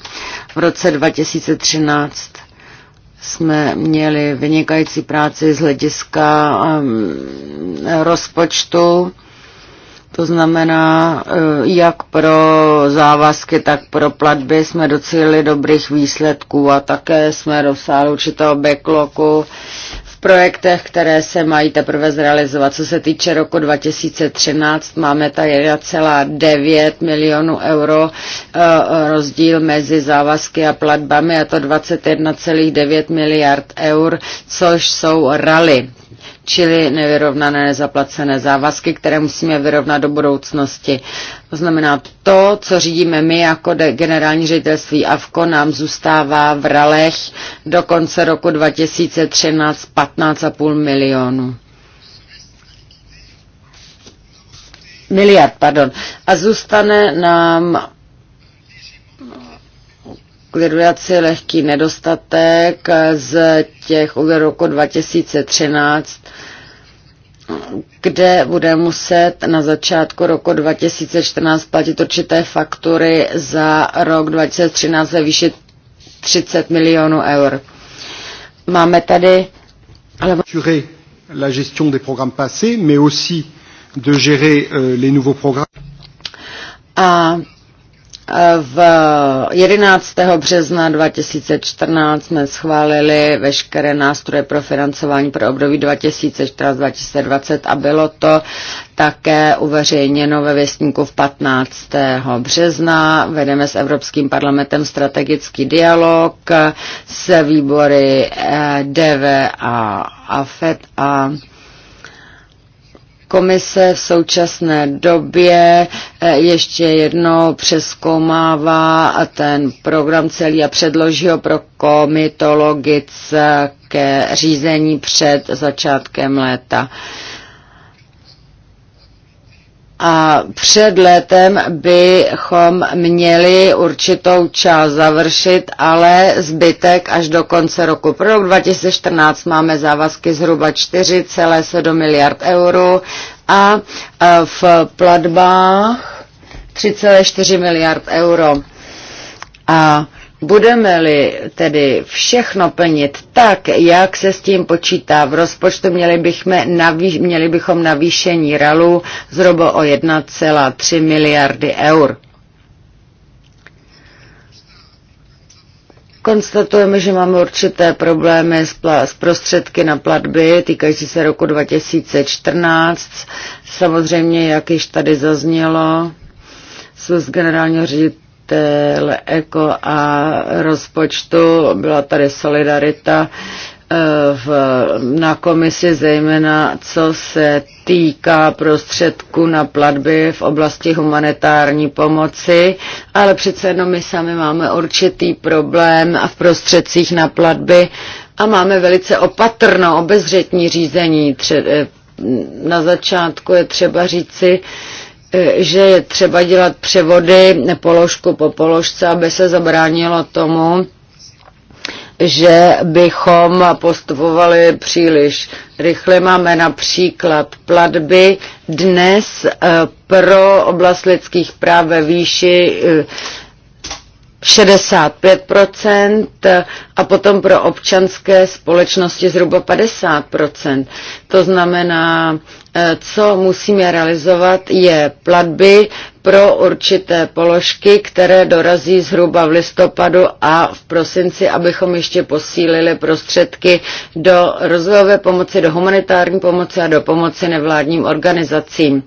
V roce 2013 jsme měli vynikající práci z hlediska um, rozpočtu to znamená, eh, jak pro závazky, tak pro platby jsme docílili dobrých výsledků a také jsme dosáhli určitého backlogu v projektech, které se mají teprve zrealizovat. Co se týče roku 2013, máme tady 1,9 milionů euro eh, rozdíl mezi závazky a platbami a to 21,9 miliard eur, což jsou rally čili nevyrovnané nezaplacené závazky, které musíme vyrovnat do budoucnosti. To znamená, to, co řídíme my jako generální ředitelství AVKO, nám zůstává v ralech do konce roku 2013 15,5 milionů. Miliard, pardon. A zůstane nám likvidaci lehký nedostatek z těch úvěrů roku 2013 kde bude muset na začátku roku 2014 platit určité faktury za rok 2013 ve výši 30 milionů eur. Máme tady ale... la gestion des programmes passés, mais aussi de gérer euh, les nouveaux programmes. A v 11. března 2014 jsme schválili veškeré nástroje pro financování pro období 2014-2020 a bylo to také uveřejněno ve věstníku v 15. března. Vedeme s Evropským parlamentem strategický dialog se výbory eh, DV a AFET a Komise v současné době eh, ještě jednou přeskoumává ten program celý a předloží ho pro komitologické řízení před začátkem léta. A před létem bychom měli určitou část završit, ale zbytek až do konce roku. Pro rok 2014 máme závazky zhruba 4,7 miliard euro a v platbách 3,4 miliard euro. A Budeme-li tedy všechno plnit tak, jak se s tím počítá v rozpočtu, měli, bychme navíš, měli bychom navýšení RALu zhruba o 1,3 miliardy eur. Konstatujeme, že máme určité problémy s, s prostředky na platby týkající se roku 2014. Samozřejmě, jak již tady zaznělo, z generálního ředitele Tel Eko a rozpočtu, byla tady solidarita eh, v, na komisi, zejména co se týká prostředků na platby v oblasti humanitární pomoci, ale přece jenom my sami máme určitý problém a v prostředcích na platby a máme velice opatrno, obezřetní řízení. Tře- eh, na začátku je třeba říci, E, že je třeba dělat převody položku po položce, aby se zabránilo tomu, že bychom postupovali příliš rychle. Máme například platby dnes e, pro oblast lidských práv ve výši e, 65% a potom pro občanské společnosti zhruba 50%. To znamená, eh, co musíme realizovat, je platby pro určité položky, které dorazí zhruba v listopadu a v prosinci, abychom ještě posílili prostředky do rozvojové pomoci, do humanitární pomoci a do pomoci nevládním organizacím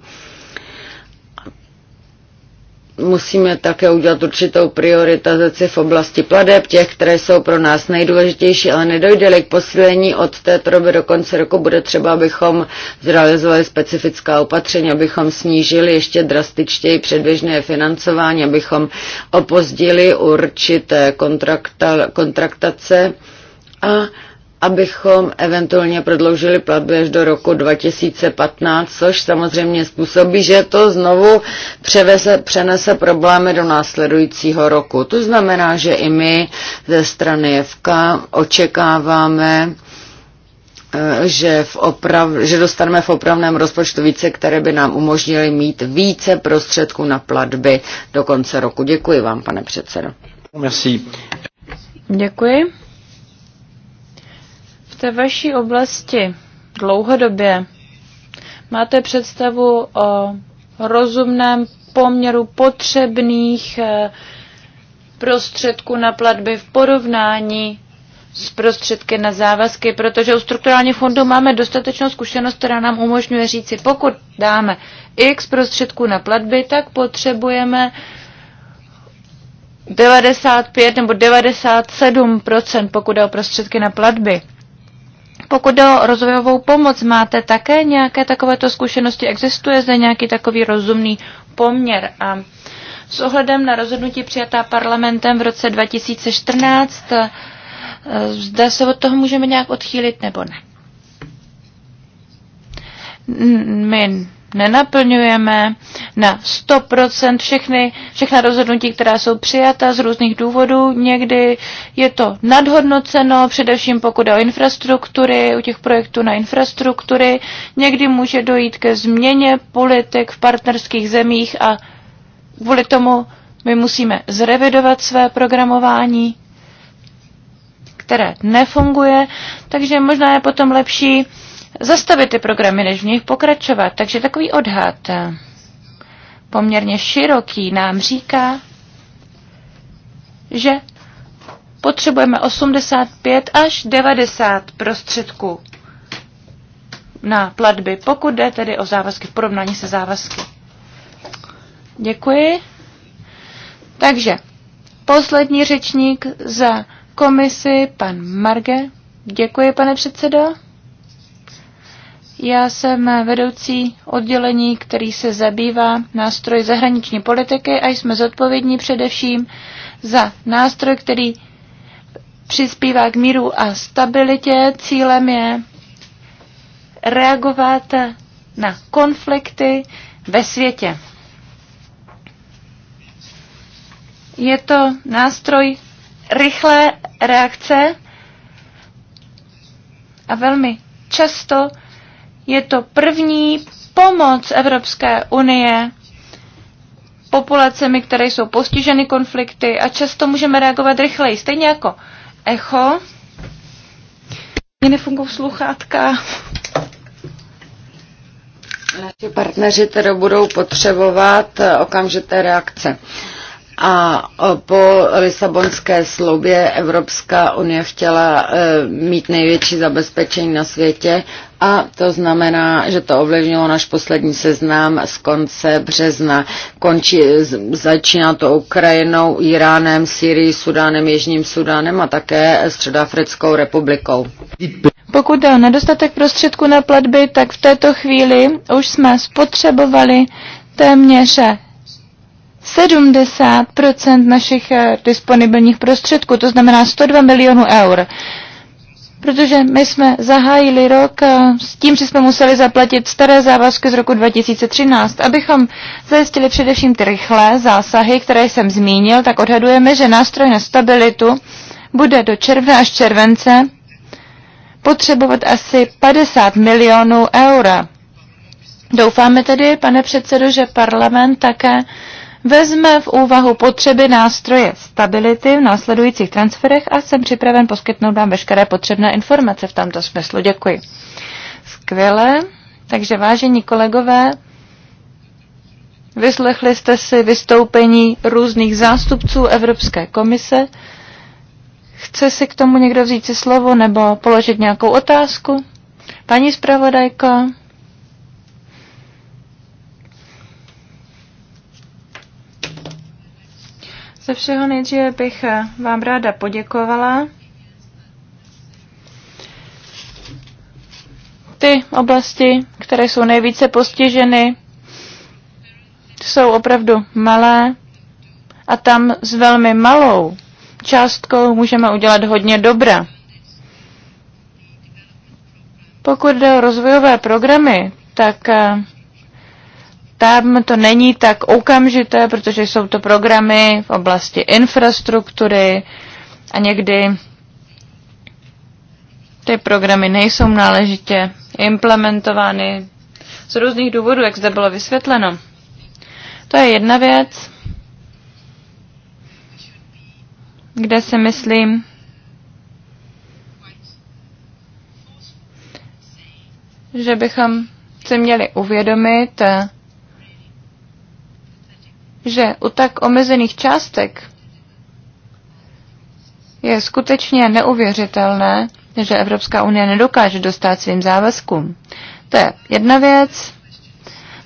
musíme také udělat určitou prioritizaci v oblasti pladeb, těch, které jsou pro nás nejdůležitější, ale nedojde-li k posílení od té troby do konce roku, bude třeba, abychom zrealizovali specifická opatření, abychom snížili ještě drastičtěji předběžné financování, abychom opozdili určité kontraktace a abychom eventuálně prodloužili platby až do roku 2015, což samozřejmě způsobí, že to znovu převese, přenese problémy do následujícího roku. To znamená, že i my ze strany FK očekáváme, eh, že, v oprav, že dostaneme v opravném rozpočtu více, které by nám umožnily mít více prostředků na platby do konce roku. Děkuji vám, pane předsedo. Merci. Děkuji v té vaší oblasti dlouhodobě máte představu o rozumném poměru potřebných eh, prostředků na platby v porovnání s prostředky na závazky, protože u strukturálních fondů máme dostatečnou zkušenost, která nám umožňuje říci, pokud dáme x prostředků na platby, tak potřebujeme 95 nebo 97 pokud jde o prostředky na platby. Pokud o rozvojovou pomoc, máte také nějaké takovéto zkušenosti? Existuje zde nějaký takový rozumný poměr? A s ohledem na rozhodnutí přijatá parlamentem v roce 2014, eh, zda se od toho můžeme nějak odchýlit nebo ne? My nenaplňujeme na 100% všechny, všechna rozhodnutí, která jsou přijata z různých důvodů. Někdy je to nadhodnoceno, především pokud je o infrastruktury, u těch projektů na infrastruktury. Někdy může dojít ke změně politik v partnerských zemích a kvůli tomu my musíme zrevidovat své programování, které nefunguje, takže možná je potom lepší zastavit ty programy, než v nich pokračovat. Takže takový odhad eh, poměrně široký nám říká, že potřebujeme 85 až 90 prostředků na platby, pokud jde tedy o závazky v porovnání se závazky. Děkuji. Takže poslední řečník za komisi, pan Marge. Děkuji, pane předsedo. Já jsem vedoucí oddělení, který se zabývá nástroj zahraniční politiky a jsme zodpovědní především za nástroj, který přispívá k míru a stabilitě. Cílem je reagovat na konflikty ve světě. Je to nástroj rychlé reakce a velmi často je to první pomoc Evropské unie populacemi, které jsou postiženy konflikty a často můžeme reagovat rychleji. Stejně jako echo. Mně nefungují sluchátka. Naši partneři tedy budou potřebovat okamžité reakce. A po Lisabonské sloubě Evropská unie chtěla eh, mít největší zabezpečení na světě a to znamená, že to ovlivnilo náš poslední seznam z konce března. Končí, začíná to Ukrajinou, Iránem, Syrií, Sudánem, Jižním Sudánem a také Středoafrickou republikou. Pokud jde o nedostatek prostředků na platby, tak v této chvíli už jsme spotřebovali téměř 70 našich eh, disponibilních prostředků, to znamená 102 milionů eur. Protože my jsme zahájili rok eh, s tím, že jsme museli zaplatit staré závazky z roku 2013. Abychom zajistili především ty rychlé zásahy, které jsem zmínil, tak odhadujeme, že nástroj na stabilitu bude do června až července potřebovat asi 50 milionů eur. Doufáme tedy, pane předsedo, že parlament také vezme v úvahu potřeby nástroje stability v následujících transferech a jsem připraven poskytnout vám veškeré potřebné informace v tomto smyslu. Děkuji. Skvěle. Takže vážení kolegové, vyslechli jste si vystoupení různých zástupců Evropské komise. Chce si k tomu někdo vzít si slovo nebo položit nějakou otázku? Paní zpravodajka? Ze všeho nejdříve bych eh, vám ráda poděkovala. Ty oblasti, které jsou nejvíce postiženy, jsou opravdu malé a tam s velmi malou částkou můžeme udělat hodně dobra. Pokud jde o rozvojové programy, tak eh, tam to není tak okamžité, protože jsou to programy v oblasti infrastruktury a někdy ty programy nejsou náležitě implementovány z různých důvodů, jak zde bylo vysvětleno. To je jedna věc, kde si myslím, že bychom si měli uvědomit, že u tak omezených částek je skutečně neuvěřitelné, že Evropská unie nedokáže dostat svým závazkům. To je jedna věc.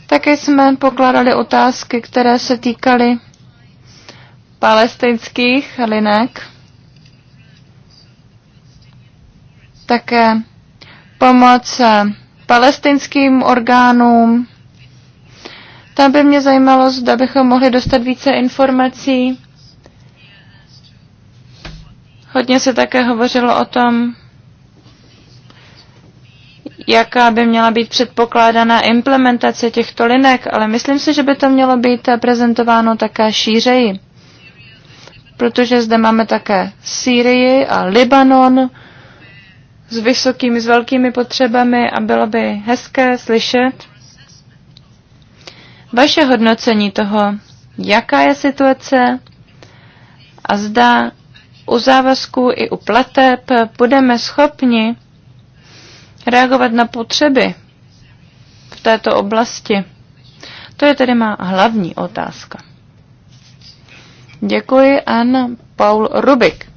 Také jsme pokládali otázky, které se týkaly palestinských linek. Také pomoc palestinským orgánům, tam by mě zajímalo, zda bychom mohli dostat více informací. Hodně se také hovořilo o tom, jaká by měla být předpokládaná implementace těchto linek, ale myslím si, že by to mělo být prezentováno také šířeji. Protože zde máme také Sýrii a Libanon s vysokými, s velkými potřebami a bylo by hezké slyšet, vaše hodnocení toho, jaká je situace a zda u závazků i u plateb budeme schopni reagovat na potřeby v této oblasti. To je tedy má hlavní otázka. Děkuji, Anna Paul Rubik.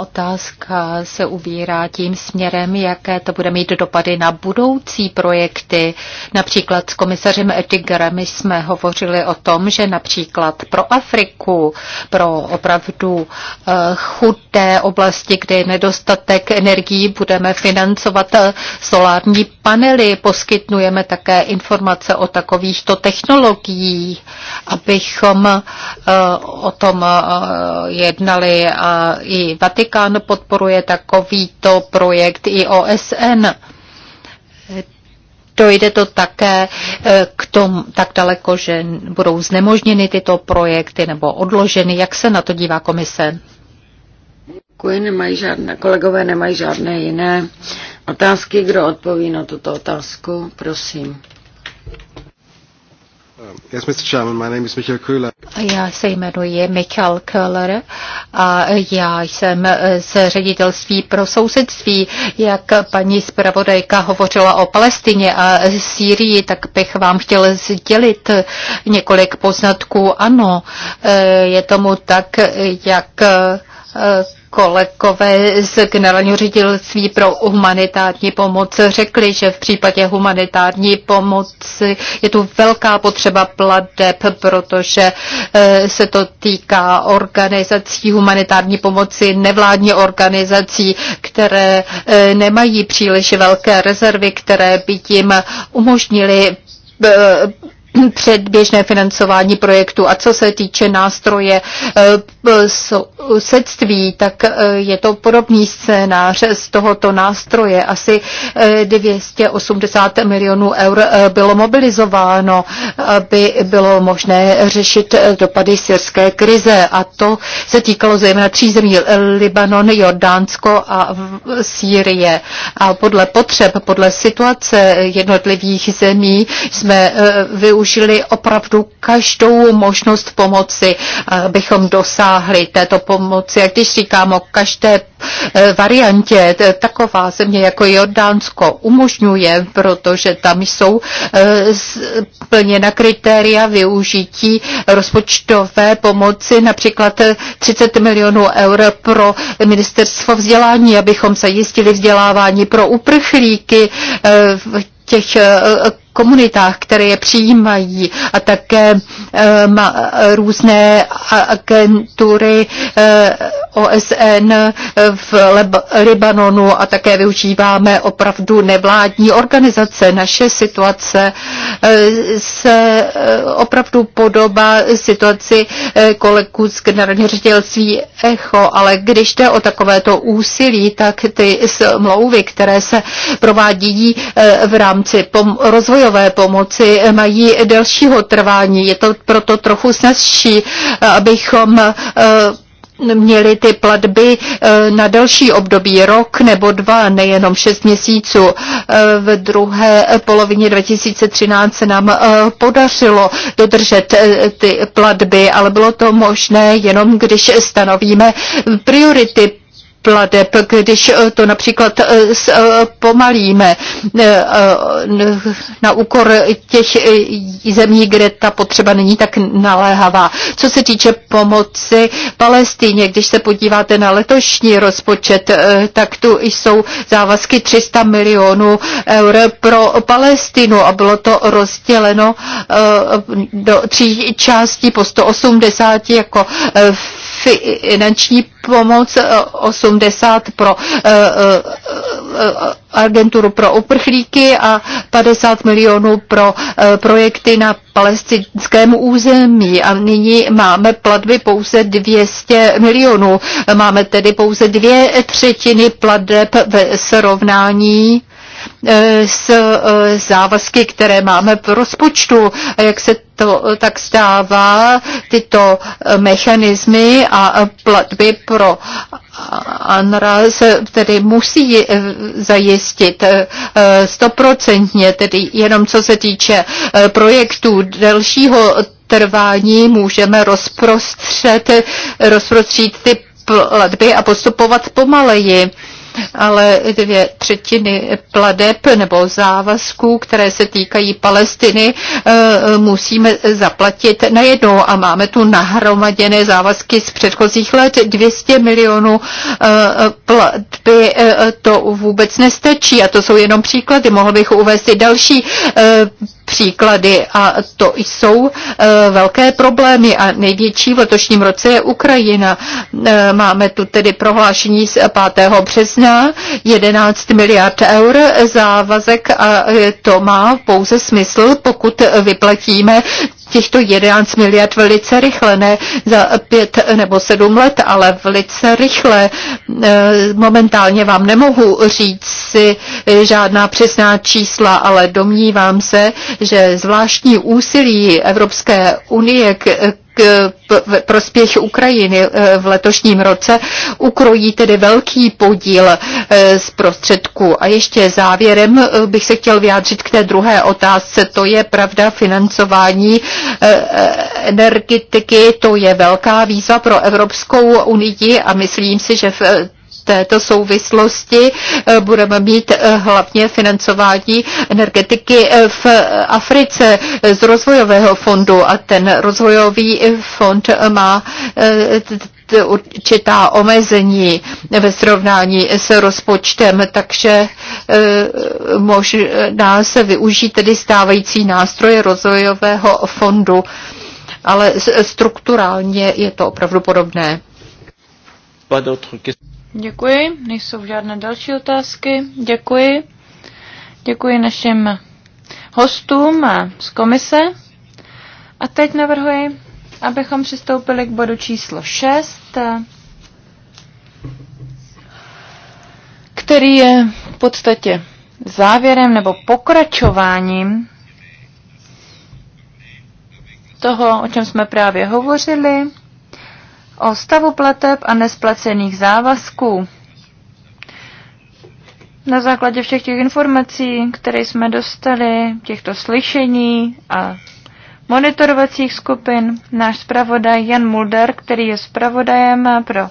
Otázka se ubírá tím směrem, jaké to bude mít dopady na budoucí projekty. Například s komisařem Ettingerem jsme hovořili o tom, že například pro Afriku, pro opravdu eh, chudé oblasti, kde je nedostatek energií, budeme financovat eh, solární panely. Poskytnujeme také informace o takovýchto technologiích, abychom eh, o tom jednali a i Vatikán podporuje takovýto projekt i OSN. Dojde to také eh, k tomu tak daleko, že budou znemožněny tyto projekty nebo odloženy. Jak se na to dívá komise? Děkuji, nemají žádné, kolegové nemají žádné jiné otázky. Kdo odpoví na tuto otázku? Prosím. Yes, Mr. Chairman, my name is Michael Köhler. Já se jmenuji Michal Keller a já jsem z ředitelství pro sousedství. Jak paní zpravodajka hovořila o Palestině a Sýrii, tak bych vám chtěl sdělit několik poznatků. Ano, eh, je tomu tak, jak eh, kolegové z Generálního ředitelství pro humanitární pomoc řekli, že v případě humanitární pomoci je tu velká potřeba pladeb, protože eh, se to týká organizací humanitární pomoci, nevládní organizací, které eh, nemají příliš velké rezervy, které by tím umožnili eh, předběžné financování projektu. A co se týče nástroje eh, eh, sousedství, tak eh, je to podobný scénář z tohoto nástroje. Asi 280 milionů eur bylo mobilizováno, aby bylo možné řešit dopady syrské krize. A to se týkalo zejména tří zemí Libanon, Jordánsko a Sýrie. A podle potřeb, podle situace jednotlivých zemí jsme využili využili opravdu každou možnost pomoci, eh, abychom dosáhli této pomoci. A když říkám o každé eh, variantě, taková země jako Jordánsko umožňuje, protože tam jsou eh, plně na kritéria využití rozpočtové pomoci, například 30 milionů eur pro ministerstvo vzdělání, abychom zajistili vzdělávání pro uprchlíky v těch komunitách, které je přijímají a také eh, různé agentury eh, OSN eh, v Libanonu a také využíváme opravdu nevládní organizace. Naše situace eh, se eh, opravdu podobá situaci kolegů z generálního ředitelství ECHO, ale když jde o takovéto úsilí, tak ty smlouvy, které se provádí v rámci pom- rozvojové pomoci, mají delšího trvání. Je to proto trochu snazší, abychom měli ty platby eh, na další období, rok nebo dva, nejenom šest měsíců. Eh, v druhé polovině 2013 se nám eh, podařilo dodržet ty platby, ale bylo to možné jenom, když stanovíme priority plateb, když eh, to například eh, eh, pomalíme na úkor těch zemí, kde ta potřeba není tak naléhavá. Co se týče pomoci Palestíně, když se podíváte na letošní rozpočet, tak tu jsou závazky 300 milionů eur pro Palestinu a bylo to rozděleno do tří částí po 180 jako v finanční pomoc, 80 eh, pro eh, eh, agenturu pro uprchlíky a 50 milionů pro projekty na palestinském území. A nyní máme platby pouze 200 milionů. Máme tedy pouze dvě třetiny plateb ve srovnání E, s e, závazky, které máme v rozpočtu. Jak se to e, tak stává, tyto mechanismy a platby pro ANRA se tedy musí zajistit stoprocentně, tedy jenom co se týče projektů delšího trvání, můžeme rozprostřet, rozprostřít ty platby a postupovat pomaleji ale dvě třetiny pladeb nebo závazků, které se týkají Palestiny, eh, musíme zaplatit najednou a máme tu nahromaděné závazky z předchozích let 200 milionů eh, platby, eh, to vůbec nestačí a to jsou jenom příklady, mohl bych uvést i další příklady a to jsou eh, velké problémy a největší v letošním roce je Ukrajina. Eh, máme tu tedy prohlášení z 5. března 11 miliard eur závazek a eh, to má pouze smysl, pokud vyplatíme těchto 11 miliard velice rychle, ne za pět nebo sedm let, ale velice rychle. Eh, momentálně vám nemohu říct si žádná přesná čísla, ale domnívám se, že zvláštní úsilí Evropské unie, k k prospěch Ukrajiny eh, v letošním roce ukrojí tedy velký podíl eh, z prostředků. A ještě závěrem eh, bych se chtěl vyjádřit k té druhé otázce. To je pravda financování energetiky, to je velká výzva pro Evropskou unii a myslím si, že v této souvislosti eh, budeme mít eh, hlavně financování energetiky eh, v Africe z rozvojového fondu a ten rozvojový fond má určitá omezení ve srovnání s rozpočtem, takže možná se využít tedy stávající nástroje rozvojového fondu, ale strukturálně je to opravdu podobné. Děkuji. Nejsou žádné další otázky. Děkuji. Děkuji našim hostům z komise. A teď navrhuji, abychom přistoupili k bodu číslo 6, který je v podstatě závěrem nebo pokračováním toho, o čem jsme právě hovořili o stavu plateb a nesplacených závazků. Na základě všech těch informací, které jsme dostali, těchto slyšení a monitorovacích skupin, náš zpravodaj Jan Mulder, který je zpravodajem pro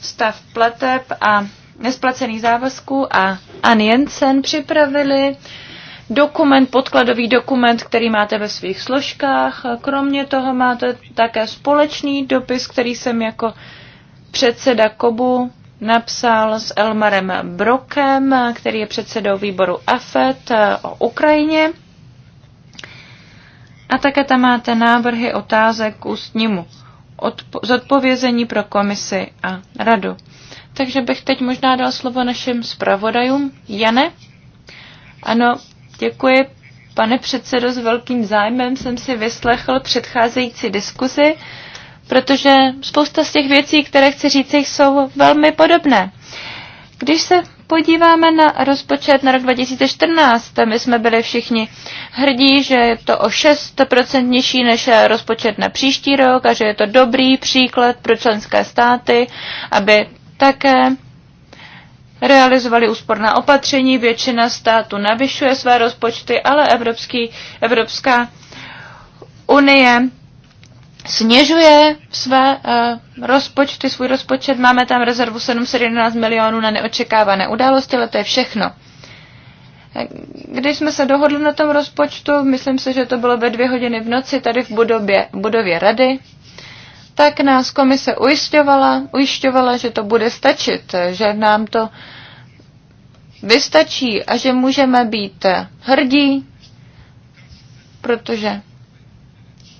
stav plateb a nesplacených závazků a Ann Jensen připravili dokument, podkladový dokument, který máte ve svých složkách. Kromě toho máte také společný dopis, který jsem jako předseda KOBu napsal s Elmarem Brokem, který je předsedou výboru AFET o Ukrajině. A také tam máte návrhy otázek k ústnímu zodpovězení pro komisi a radu. Takže bych teď možná dal slovo našim zpravodajům. Jane? Ano, Děkuji. Pane předsedo, s velkým zájmem jsem si vyslechl předcházející diskuzi, protože spousta z těch věcí, které chci říct, jsou velmi podobné. Když se podíváme na rozpočet na rok 2014, my jsme byli všichni hrdí, že je to o 6% nižší než rozpočet na příští rok a že je to dobrý příklad pro členské státy, aby také realizovali úsporná opatření, většina států navyšuje své rozpočty, ale Evropský, Evropská unie snižuje své uh, rozpočty, svůj rozpočet. Máme tam rezervu 711 milionů na neočekávané události, ale to je všechno. Když jsme se dohodli na tom rozpočtu, myslím si, že to bylo ve dvě hodiny v noci tady v budově, v budově rady, tak nás komise ujišťovala, ujišťovala, že to bude stačit, že nám to vystačí a že můžeme být hrdí, protože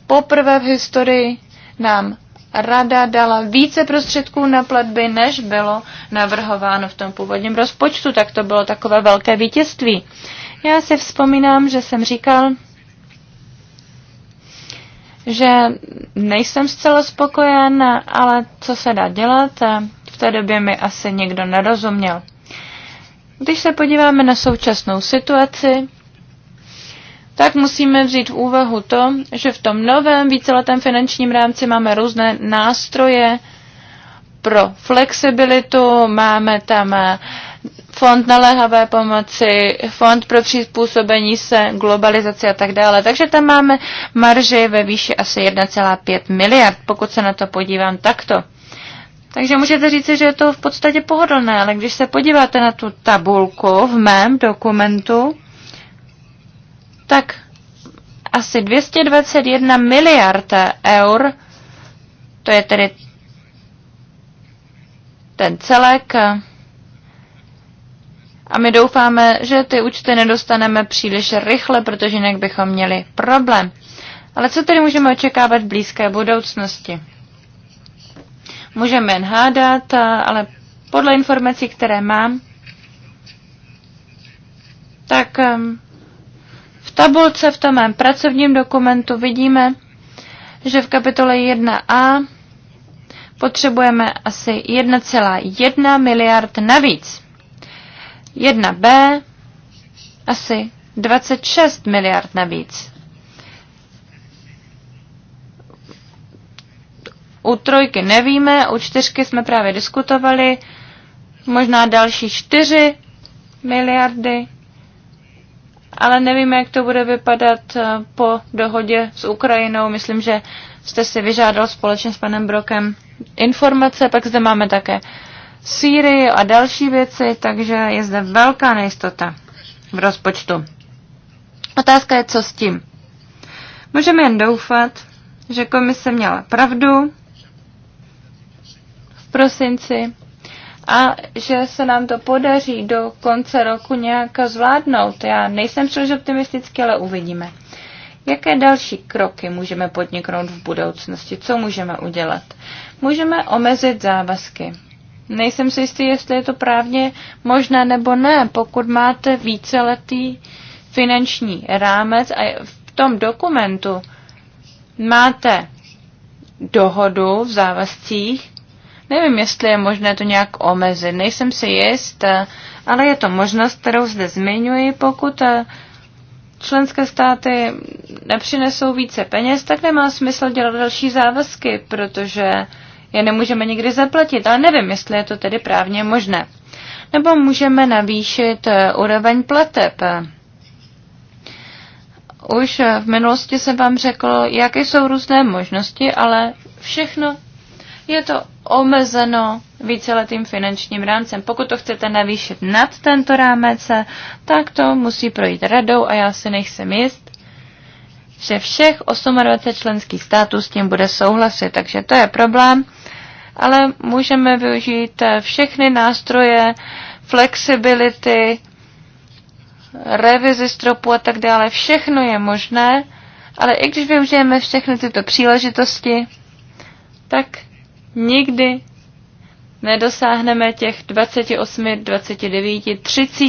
poprvé v historii nám rada dala více prostředků na platby, než bylo navrhováno v tom původním rozpočtu, tak to bylo takové velké vítězství. Já si vzpomínám, že jsem říkal, že nejsem zcela spokojen, ale co se dá dělat, v té době mi asi někdo nerozuměl. Když se podíváme na současnou situaci, tak musíme vzít v úvahu to, že v tom novém víceletém finančním rámci máme různé nástroje pro flexibilitu, máme tam eh, fond naléhavé pomoci, fond pro přizpůsobení se globalizaci a tak dále. Takže tam máme marži ve výši asi 1,5 miliard, pokud se na to podívám takto. Takže můžete říci, že je to v podstatě pohodlné, ale když se podíváte na tu tabulku v mém dokumentu, tak asi 221 miliard eur, to je tedy ten celek a my doufáme, že ty účty nedostaneme příliš rychle, protože jinak bychom měli problém. Ale co tedy můžeme očekávat v blízké budoucnosti? Můžeme jen hádat, ale podle informací, které mám, tak v tabulce v tom mém pracovním dokumentu vidíme, že v kapitole 1a potřebujeme asi 1,1 miliard navíc. 1B asi 26 miliard navíc. U trojky nevíme, u čtyřky jsme právě diskutovali, možná další 4 miliardy, ale nevíme, jak to bude vypadat eh, po dohodě s Ukrajinou. Myslím, že jste si vyžádal společně s panem Brokem informace, pak zde máme také Sýrii a další věci, takže je zde velká nejistota v rozpočtu. Otázka je, co s tím. Můžeme jen doufat, že komise měla pravdu v prosinci a že se nám to podaří do konce roku nějak zvládnout. Já nejsem příliš optimistický, ale uvidíme. Jaké další kroky můžeme podniknout v budoucnosti? Co můžeme udělat? Můžeme omezit závazky. Nejsem si jistý, jestli je to právně možné nebo ne. Pokud máte víceletý finanční rámec a v tom dokumentu máte dohodu v závazcích, nevím, jestli je možné to nějak omezit, nejsem si jist, ale je to možnost, kterou zde zmiňuji, pokud eh, členské státy nepřinesou více peněz, tak nemá smysl dělat další závazky, protože je nemůžeme nikdy zaplatit, ale nevím, jestli je to tedy právně možné. Nebo můžeme navýšit eh, úroveň plateb. Už v minulosti jsem vám řekl, jaké jsou různé možnosti, ale všechno je to omezeno víceletým finančním rámcem. Pokud to chcete navýšit nad tento rámec, tak to musí projít radou a já si nejsem jist, že všech 28 členských států s tím bude souhlasit. Takže to je problém, ale můžeme využít všechny nástroje, flexibility, revizi stropu a tak dále. Všechno je možné, ale i když využijeme všechny tyto příležitosti, tak nikdy nedosáhneme těch 28, 29, 30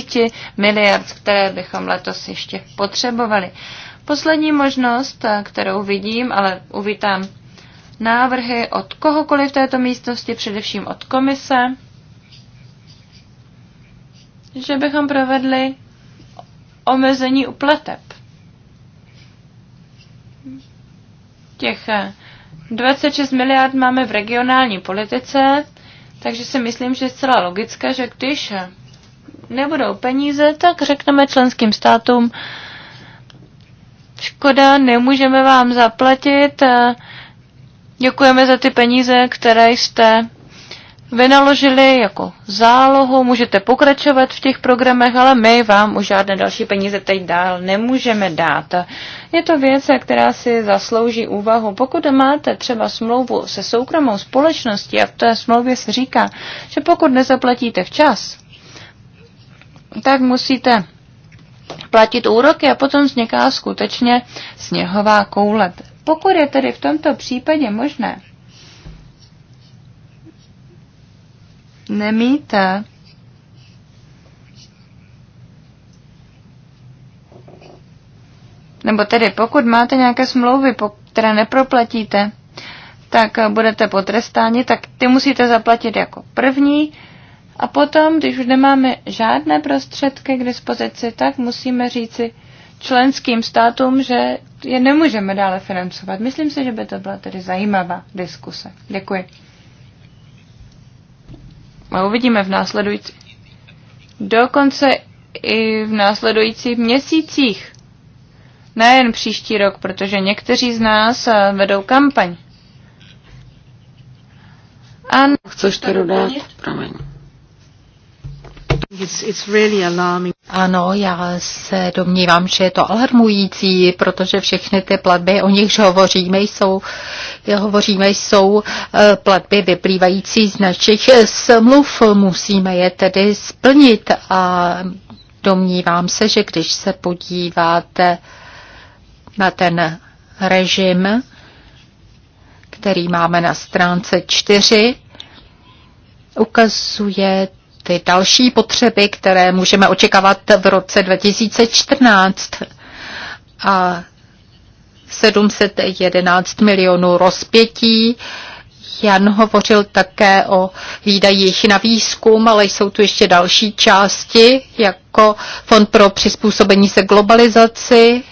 miliard, které bychom letos ještě potřebovali. Poslední možnost, kterou vidím, ale uvítám návrhy od kohokoliv v této místnosti, především od komise, že bychom provedli omezení plateb. Těch 26 eh, miliard máme v regionální politice, takže si myslím, že je zcela logické, že když eh, nebudou peníze, tak řekneme členským státům, škoda, nemůžeme vám zaplatit, eh, Děkujeme za ty peníze, které jste vynaložili jako zálohu, můžete pokračovat v těch programech, ale my vám už žádné další peníze teď dál nemůžeme dát. Je to věc, která si zaslouží úvahu. Pokud máte třeba smlouvu se soukromou společností a v té smlouvě se říká, že pokud nezaplatíte včas, tak musíte platit úroky a potom vzniká skutečně sněhová koule. Pokud je tedy v tomto případě možné nemít nebo tedy pokud máte nějaké smlouvy, které neproplatíte, tak budete potrestáni, tak ty musíte zaplatit jako první a potom, když už nemáme žádné prostředky k dispozici, tak musíme říci členským státům, že je nemůžeme dále financovat. Myslím si, že by to byla tedy zajímavá diskuse. Děkuji. A uvidíme v následující. Dokonce i v následujících měsících. Nejen příští rok, protože někteří z nás eh, vedou kampaň. A Chceš to dodat? Promiň. It's, it's really alarming. Ano, já se domnívám, že je to alarmující, protože všechny ty platby, o nichž hovoříme, jsou, hovoříme, jsou eh, platby vyplývající z našich smluv. Musíme je tedy splnit a domnívám se, že když se podíváte na ten režim, který máme na stránce 4, ukazuje ty další potřeby, které můžeme očekávat v roce 2014. A 711 milionů rozpětí. Jan hovořil také o výdajích na výzkum, ale jsou tu ještě další části, jako Fond pro přizpůsobení se globalizaci,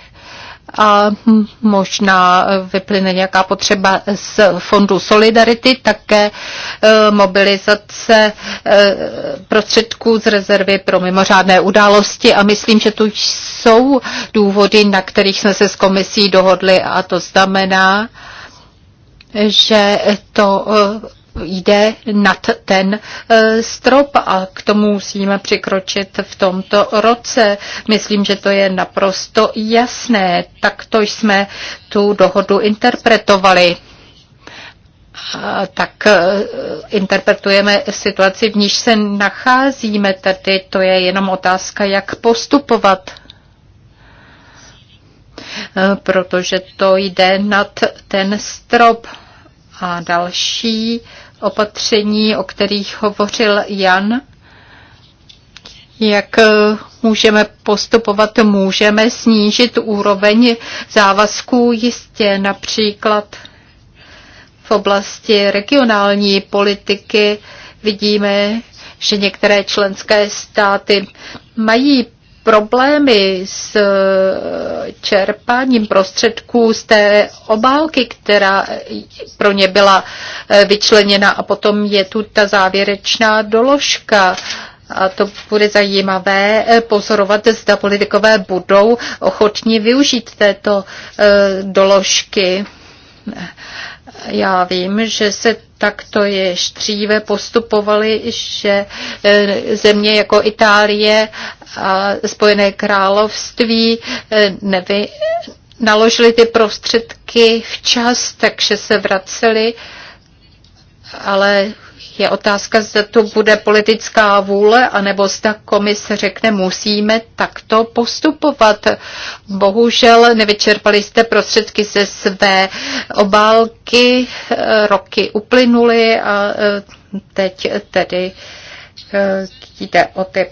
a možná vyplyne nějaká potřeba z fondu Solidarity, také e, mobilizace e, prostředků z rezervy pro mimořádné události a myslím, že tu jsou důvody, na kterých jsme se s komisí dohodli a to znamená, že to e, jde nad ten e, strop a k tomu musíme přikročit v tomto roce. Myslím, že to je naprosto jasné. Takto jsme tu dohodu interpretovali tak e, interpretujeme situaci, v níž se nacházíme tady. To je jenom otázka, jak postupovat, e, protože to jde nad ten strop. A další opatření, o kterých hovořil Jan, jak můžeme postupovat, můžeme snížit úroveň závazků jistě například v oblasti regionální politiky vidíme, že některé členské státy mají problémy s eh, čerpáním prostředků z té obálky, která eh, pro ně byla eh, vyčleněna a potom je tu ta závěrečná doložka. A to bude zajímavé pozorovat, zda politikové budou ochotní využít této doložky. Já vím, že se takto již dříve postupovali, že e, země jako Itálie a Spojené království e, nevy, naložili ty prostředky včas, takže se vraceli, ale je otázka, zda to bude politická vůle, anebo zda komise řekne, musíme takto postupovat. Bohužel nevyčerpali jste prostředky ze své obálky, e, roky uplynuly a e, teď tedy e, jde o ty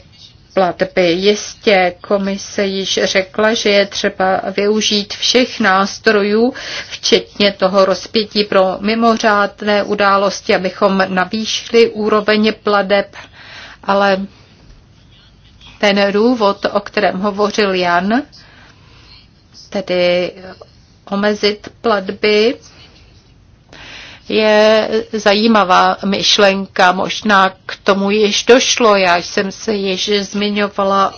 platby. Jistě komise již řekla, že je třeba využít všech nástrojů, včetně toho rozpětí pro mimořádné události, abychom navýšili úroveň pladeb, ale ten důvod, o kterém hovořil Jan, tedy omezit platby, je zajímavá myšlenka. Možná k tomu již došlo. Já jsem se již zmiňovala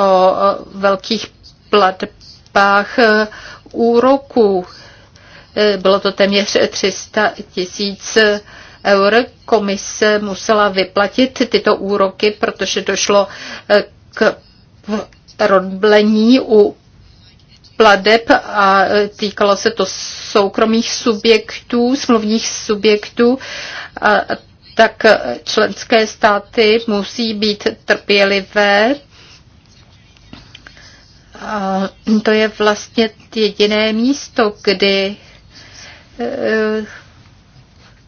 o velkých platbách úroků. Bylo to téměř 300 tisíc eur. Komise musela vyplatit tyto úroky, protože došlo k rodblení u pladeb a e, týkalo se to soukromých subjektů, smluvních subjektů, a tak členské státy musí být trpělivé. A to je vlastně jediné místo, kdy e,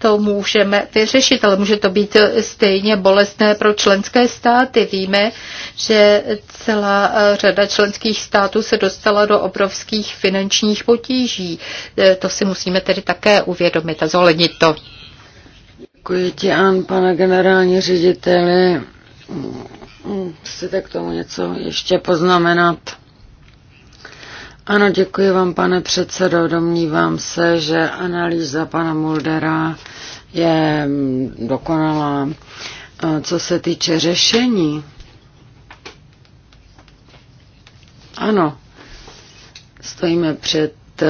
to můžeme vyřešit, ale může to být stejně bolestné pro členské státy. Víme, že celá eh, řada členských států se dostala do obrovských finančních potíží. Eh, to si musíme tedy také uvědomit a zohlednit to. Děkuji ti, An, pane generální řediteli. Chcete k tomu něco ještě poznamenat? Ano, děkuji vám, pane předsedo. Domnívám se, že analýza pana Muldera je mm, dokonalá. Co se týče řešení, ano, stojíme před e,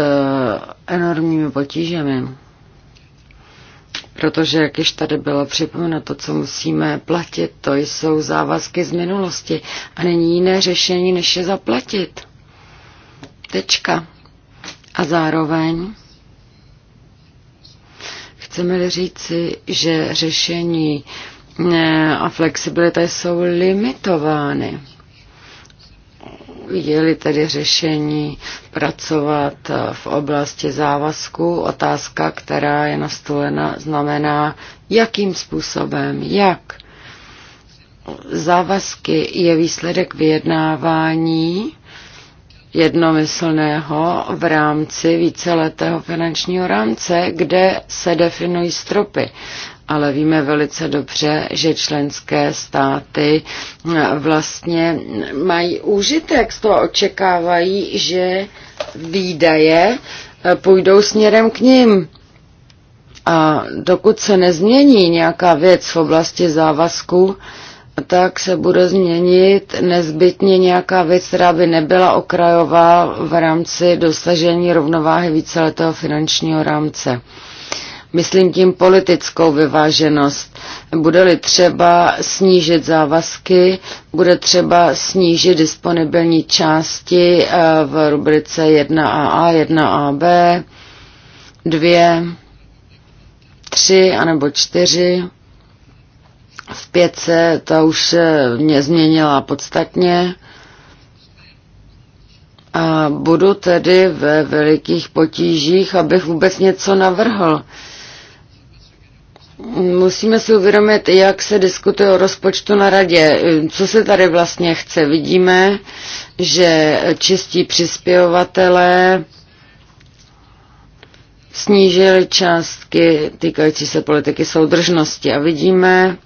enormními potížemi. Protože, jak již tady bylo připomenuto, to, co musíme platit, to jsou závazky z minulosti a není jiné řešení, než je zaplatit. Tečka. A zároveň Chceme-li říci, že řešení eh, a flexibilita jsou limitovány. Viděli tedy řešení pracovat eh, v oblasti závazku. Otázka, která je nastolena, znamená, jakým způsobem, jak. Závazky je výsledek vyjednávání jednomyslného v rámci víceletého finančního rámce, kde se definují stropy. Ale víme velice dobře, že členské státy eh, vlastně mají úžitek z toho, očekávají, že výdaje eh, půjdou směrem k ním. A dokud se nezmění nějaká věc v oblasti závazku, tak se bude změnit nezbytně nějaká věc, která by nebyla okrajová v rámci dosažení rovnováhy víceletého finančního rámce. Myslím tím politickou vyváženost. Bude-li třeba snížit závazky, bude třeba snížit disponibilní části eh, v rubrice 1AA, 1AB, 2, 3 anebo 4 v pětce ta už se mě změnila podstatně. A budu tedy ve velikých potížích, abych vůbec něco navrhl. Musíme si uvědomit, jak se diskutuje o rozpočtu na radě. Co se tady vlastně chce? Vidíme, že čistí přispěvatelé snížili částky týkající se politiky soudržnosti a vidíme,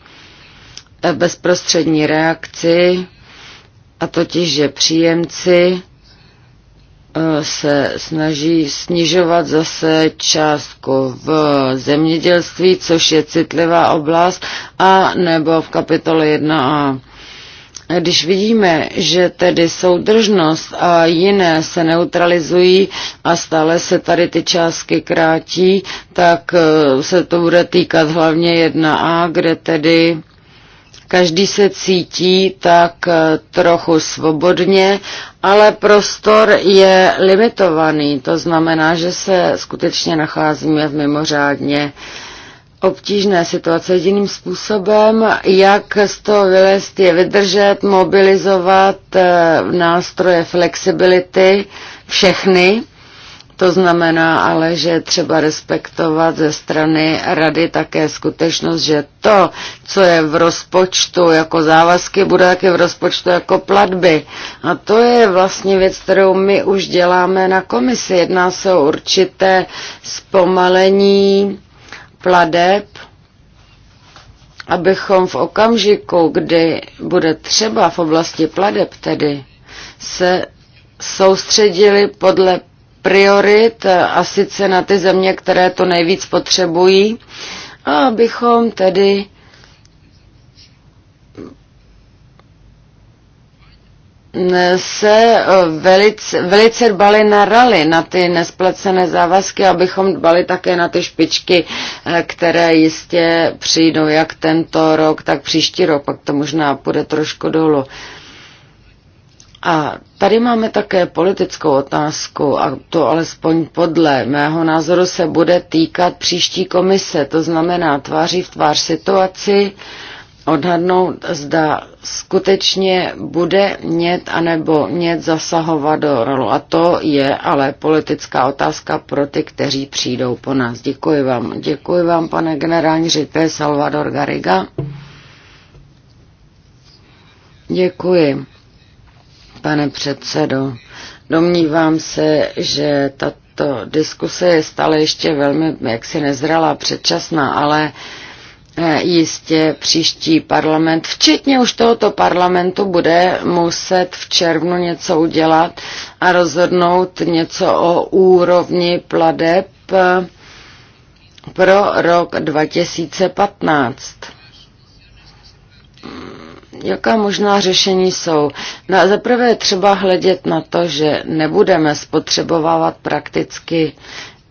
E, bezprostřední reakci, a totiž, že příjemci e, se snaží snižovat zase částku v zemědělství, což je citlivá oblast, a nebo v kapitole 1a. Když vidíme, že tedy soudržnost a jiné se neutralizují a stále se tady ty částky krátí, tak e, se to bude týkat hlavně 1a, kde tedy Každý se cítí tak eh, trochu svobodně, ale prostor je limitovaný. To znamená, že se skutečně nacházíme v mimořádně obtížné situace. Jediným způsobem, jak z toho vylézt, je vydržet, mobilizovat eh, nástroje flexibility, všechny, to znamená ale, že třeba respektovat ze strany rady také skutečnost, že to, co je v rozpočtu jako závazky, bude také v rozpočtu jako platby. A to je vlastně věc, kterou my už děláme na komisi. Jedná se o určité zpomalení pladeb, abychom v okamžiku, kdy bude třeba v oblasti pladeb tedy, se soustředili podle priorit eh, a sice na ty země, které to nejvíc potřebují, a abychom tedy se eh, velice, velice dbali na rally, na ty nesplacené závazky, abychom dbali také na ty špičky, eh, které jistě přijdou jak tento rok, tak příští rok, pak to možná půjde trošku dolů. Uh, a tady máme také politickou otázku, a to alespoň podle mého názoru se bude týkat příští komise, to znamená tváří v tvář situaci, odhadnout, zda skutečně bude nět anebo nět zasahovat do rolu. A to je ale politická otázka pro ty, kteří přijdou po nás. Děkuji vám. Děkuji vám, pane generální ředitel Salvador Gariga. Děkuji. Pane předsedo, domnívám se, že tato diskuse je stále ještě velmi jaksi nezralá, předčasná, ale eh, jistě příští parlament, včetně už tohoto parlamentu, bude muset v červnu něco udělat a rozhodnout něco o úrovni pladeb eh, pro rok 2015. Jaká možná řešení jsou? No, zaprvé je třeba hledět na to, že nebudeme spotřebovávat prakticky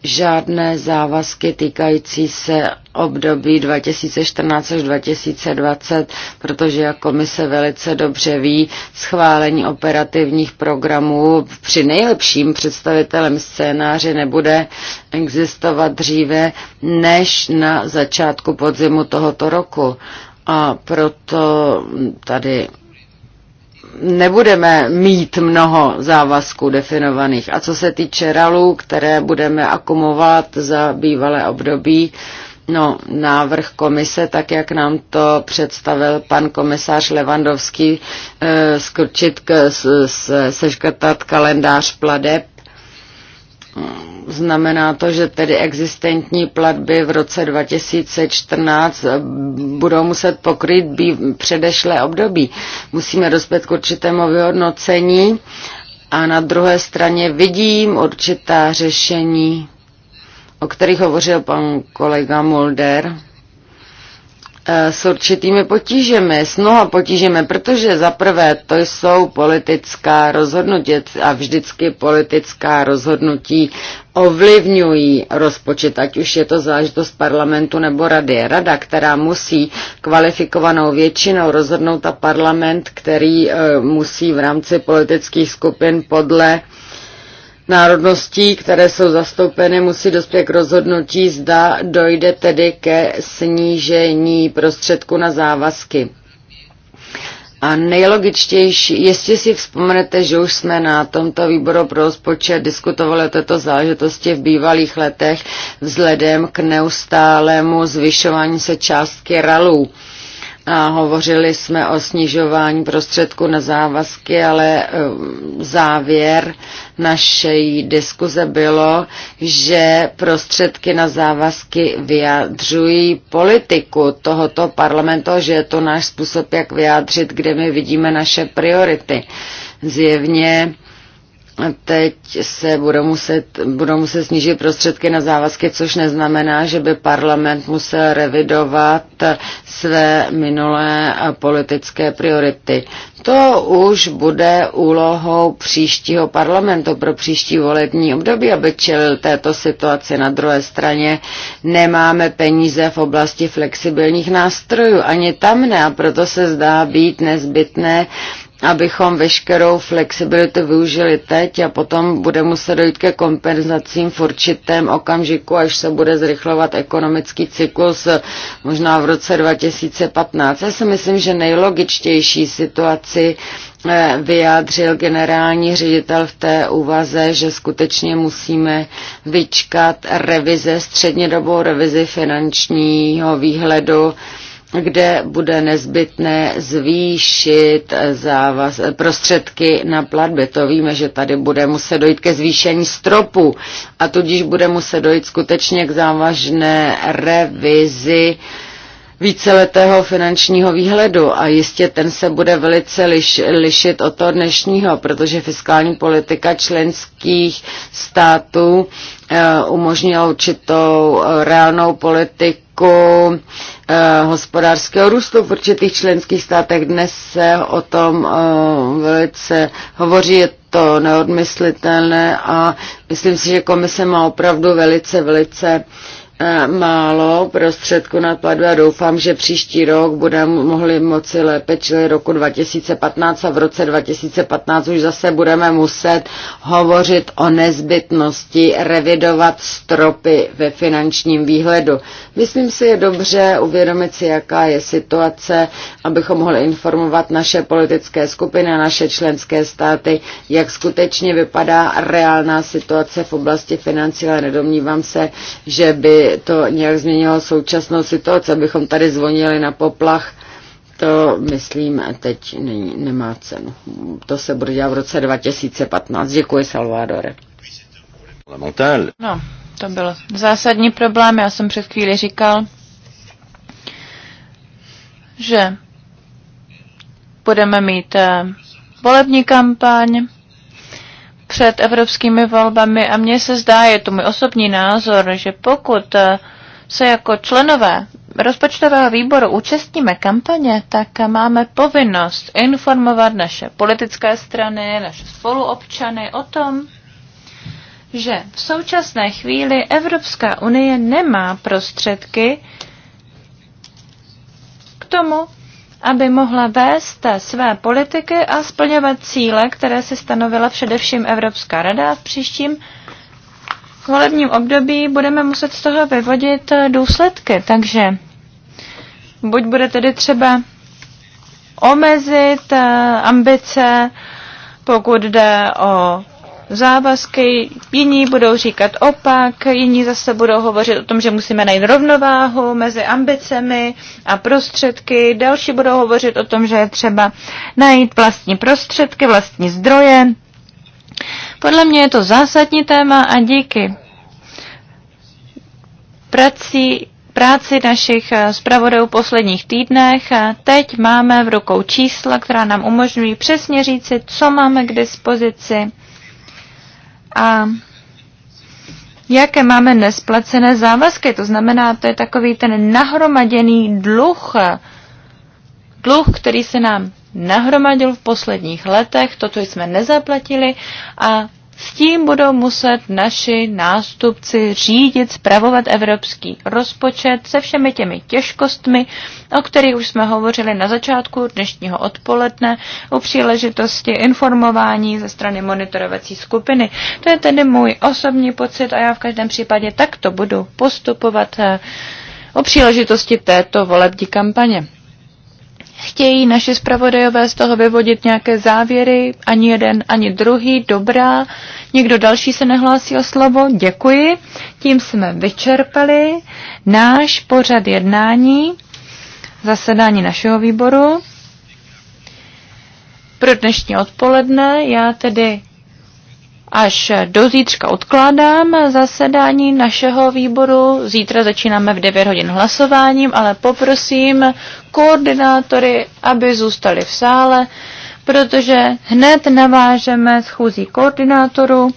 žádné závazky týkající se období 2014 až 2020, protože jak komise velice dobře ví, schválení operativních programů při nejlepším představitelem scénáře nebude existovat dříve než na začátku podzimu tohoto roku. A proto tady nebudeme mít mnoho závazků definovaných. A co se týče ralů, které budeme akumovat za bývalé období, No, návrh komise, tak jak nám to představil pan komisář Levandovský, eh, skrčit, seškrtat kalendář pladeb Znamená to, že tedy existentní platby v roce 2014 budou muset pokrýt předešlé období. Musíme dospět k určitému vyhodnocení a na druhé straně vidím určitá řešení, o kterých hovořil pan kolega Mulder E, s určitými potížemi, s mnoha potížemi, protože za prvé to jsou politická rozhodnutí a vždycky politická rozhodnutí ovlivňují rozpočet, ať už je to záležitost parlamentu nebo rady. Rada, která musí kvalifikovanou většinou rozhodnout a parlament, který e, musí v rámci politických skupin podle národností, které jsou zastoupeny, musí dospět k rozhodnutí, zda dojde tedy ke snížení prostředku na závazky. A nejlogičtější, jestli si vzpomenete, že už jsme na tomto výboru pro rozpočet diskutovali o této záležitosti v bývalých letech vzhledem k neustálému zvyšování se částky ralů a hovořili jsme o snižování prostředků na závazky, ale um, závěr naší diskuze bylo, že prostředky na závazky vyjadřují politiku tohoto parlamentu, že je to náš způsob, jak vyjádřit, kde my vidíme naše priority. Zjevně teď se budou muset, budou muset snížit prostředky na závazky, což neznamená, že by parlament musel revidovat své minulé politické priority. To už bude úlohou příštího parlamentu pro příští volební období, aby čelil této situaci. Na druhé straně nemáme peníze v oblasti flexibilních nástrojů, ani tam ne, a proto se zdá být nezbytné abychom veškerou flexibilitu využili teď a potom bude muset dojít ke kompenzacím v určitém okamžiku, až se bude zrychlovat ekonomický cyklus možná v roce 2015. Já si myslím, že nejlogičtější situaci eh, vyjádřil generální ředitel v té úvaze, že skutečně musíme vyčkat revize, střednědobou revizi finančního výhledu kde bude nezbytné zvýšit závaz, prostředky na platby. To víme, že tady bude muset dojít ke zvýšení stropu a tudíž bude muset dojít skutečně k závažné revizi víceletého finančního výhledu a jistě ten se bude velice liš, lišit od toho dnešního, protože fiskální politika členských států eh, umožnila určitou eh, reálnou politiku Eh, hospodářského růstu v určitých členských státech. Dnes se o tom eh, velice hovoří, je to neodmyslitelné a myslím si, že komise má opravdu velice, velice uh, Eh, málo prostředku na platbu a doufám, že příští rok budeme mohli moci lépe, čili roku 2015 a v roce 2015 už zase budeme muset hovořit o nezbytnosti revidovat stropy ve finančním výhledu. Myslím si, je dobře uvědomit si, jaká je situace, abychom mohli informovat naše politické skupiny a naše členské státy, jak skutečně vypadá reálná situace v oblasti financí, ale nedomnívám se, že by to nějak změnilo současnou situaci, abychom tady zvonili na poplach, to myslím teď není, nemá cenu. To se bude dělat v roce 2015. Děkuji, Salvadore. No, to byl zásadní problém. Já jsem před chvíli říkal, že budeme mít eh, volební kampaň, před evropskými volbami a mně se zdá, je to můj osobní názor, že pokud eh, se jako členové rozpočtového výboru účastníme kampaně, tak máme povinnost informovat naše politické strany, naše spoluobčany o tom, že v současné chvíli Evropská unie nemá prostředky k tomu, aby mohla vést své politiky a splňovat cíle, které si stanovila především Evropská rada a v příštím volebním období budeme muset z toho vyvodit důsledky. Takže buď bude tedy třeba omezit eh, ambice, pokud jde o závazky, jiní budou říkat opak, jiní zase budou hovořit o tom, že musíme najít rovnováhu mezi ambicemi a prostředky, další budou hovořit o tom, že je třeba najít vlastní prostředky, vlastní zdroje. Podle mě je to zásadní téma a díky prací, práci našich eh, zpravodajů v posledních týdnech. Teď máme v rukou čísla, která nám umožňují přesně říci, co máme k dispozici a jaké máme nesplacené závazky. To znamená, to je takový ten nahromaděný dluh, dluh, který se nám nahromadil v posledních letech, toto jsme nezaplatili a s tím budou muset naši nástupci řídit, spravovat evropský rozpočet se všemi těmi těžkostmi, o kterých už jsme hovořili na začátku dnešního odpoledne u příležitosti informování ze strany monitorovací skupiny. To je tedy můj osobní pocit a já v každém případě takto budu postupovat eh, o příležitosti této volební kampaně chtějí naši zpravodajové z toho vyvodit nějaké závěry, ani jeden, ani druhý, dobrá. Někdo další se nehlásí o slovo, děkuji. Tím jsme vyčerpali náš pořad jednání, zasedání našeho výboru pro dnešní odpoledne. Já tedy až do zítřka odkládám zasedání našeho výboru. Zítra začínáme v 9 hodin hlasováním, ale poprosím koordinátory, aby zůstali v sále, protože hned navážeme schůzí koordinátoru.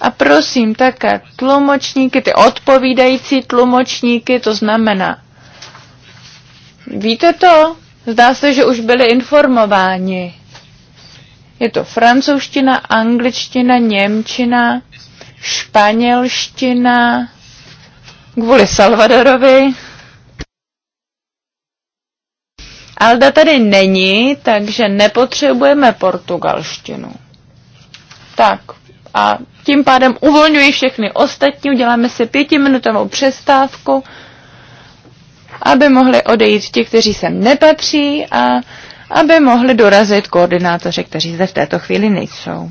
A prosím také tlumočníky, ty odpovídající tlumočníky, to znamená, víte to? Zdá se, že už byli informováni. Je to francouzština, angličtina, němčina, španělština, kvůli Salvadorovi. Alda tady není, takže nepotřebujeme portugalštinu. Tak a tím pádem uvolňuji všechny ostatní, uděláme si pětiminutovou přestávku, aby mohli odejít ti, kteří sem nepatří a aby mohli dorazit koordinátoři, kteří zde v této chvíli nejsou.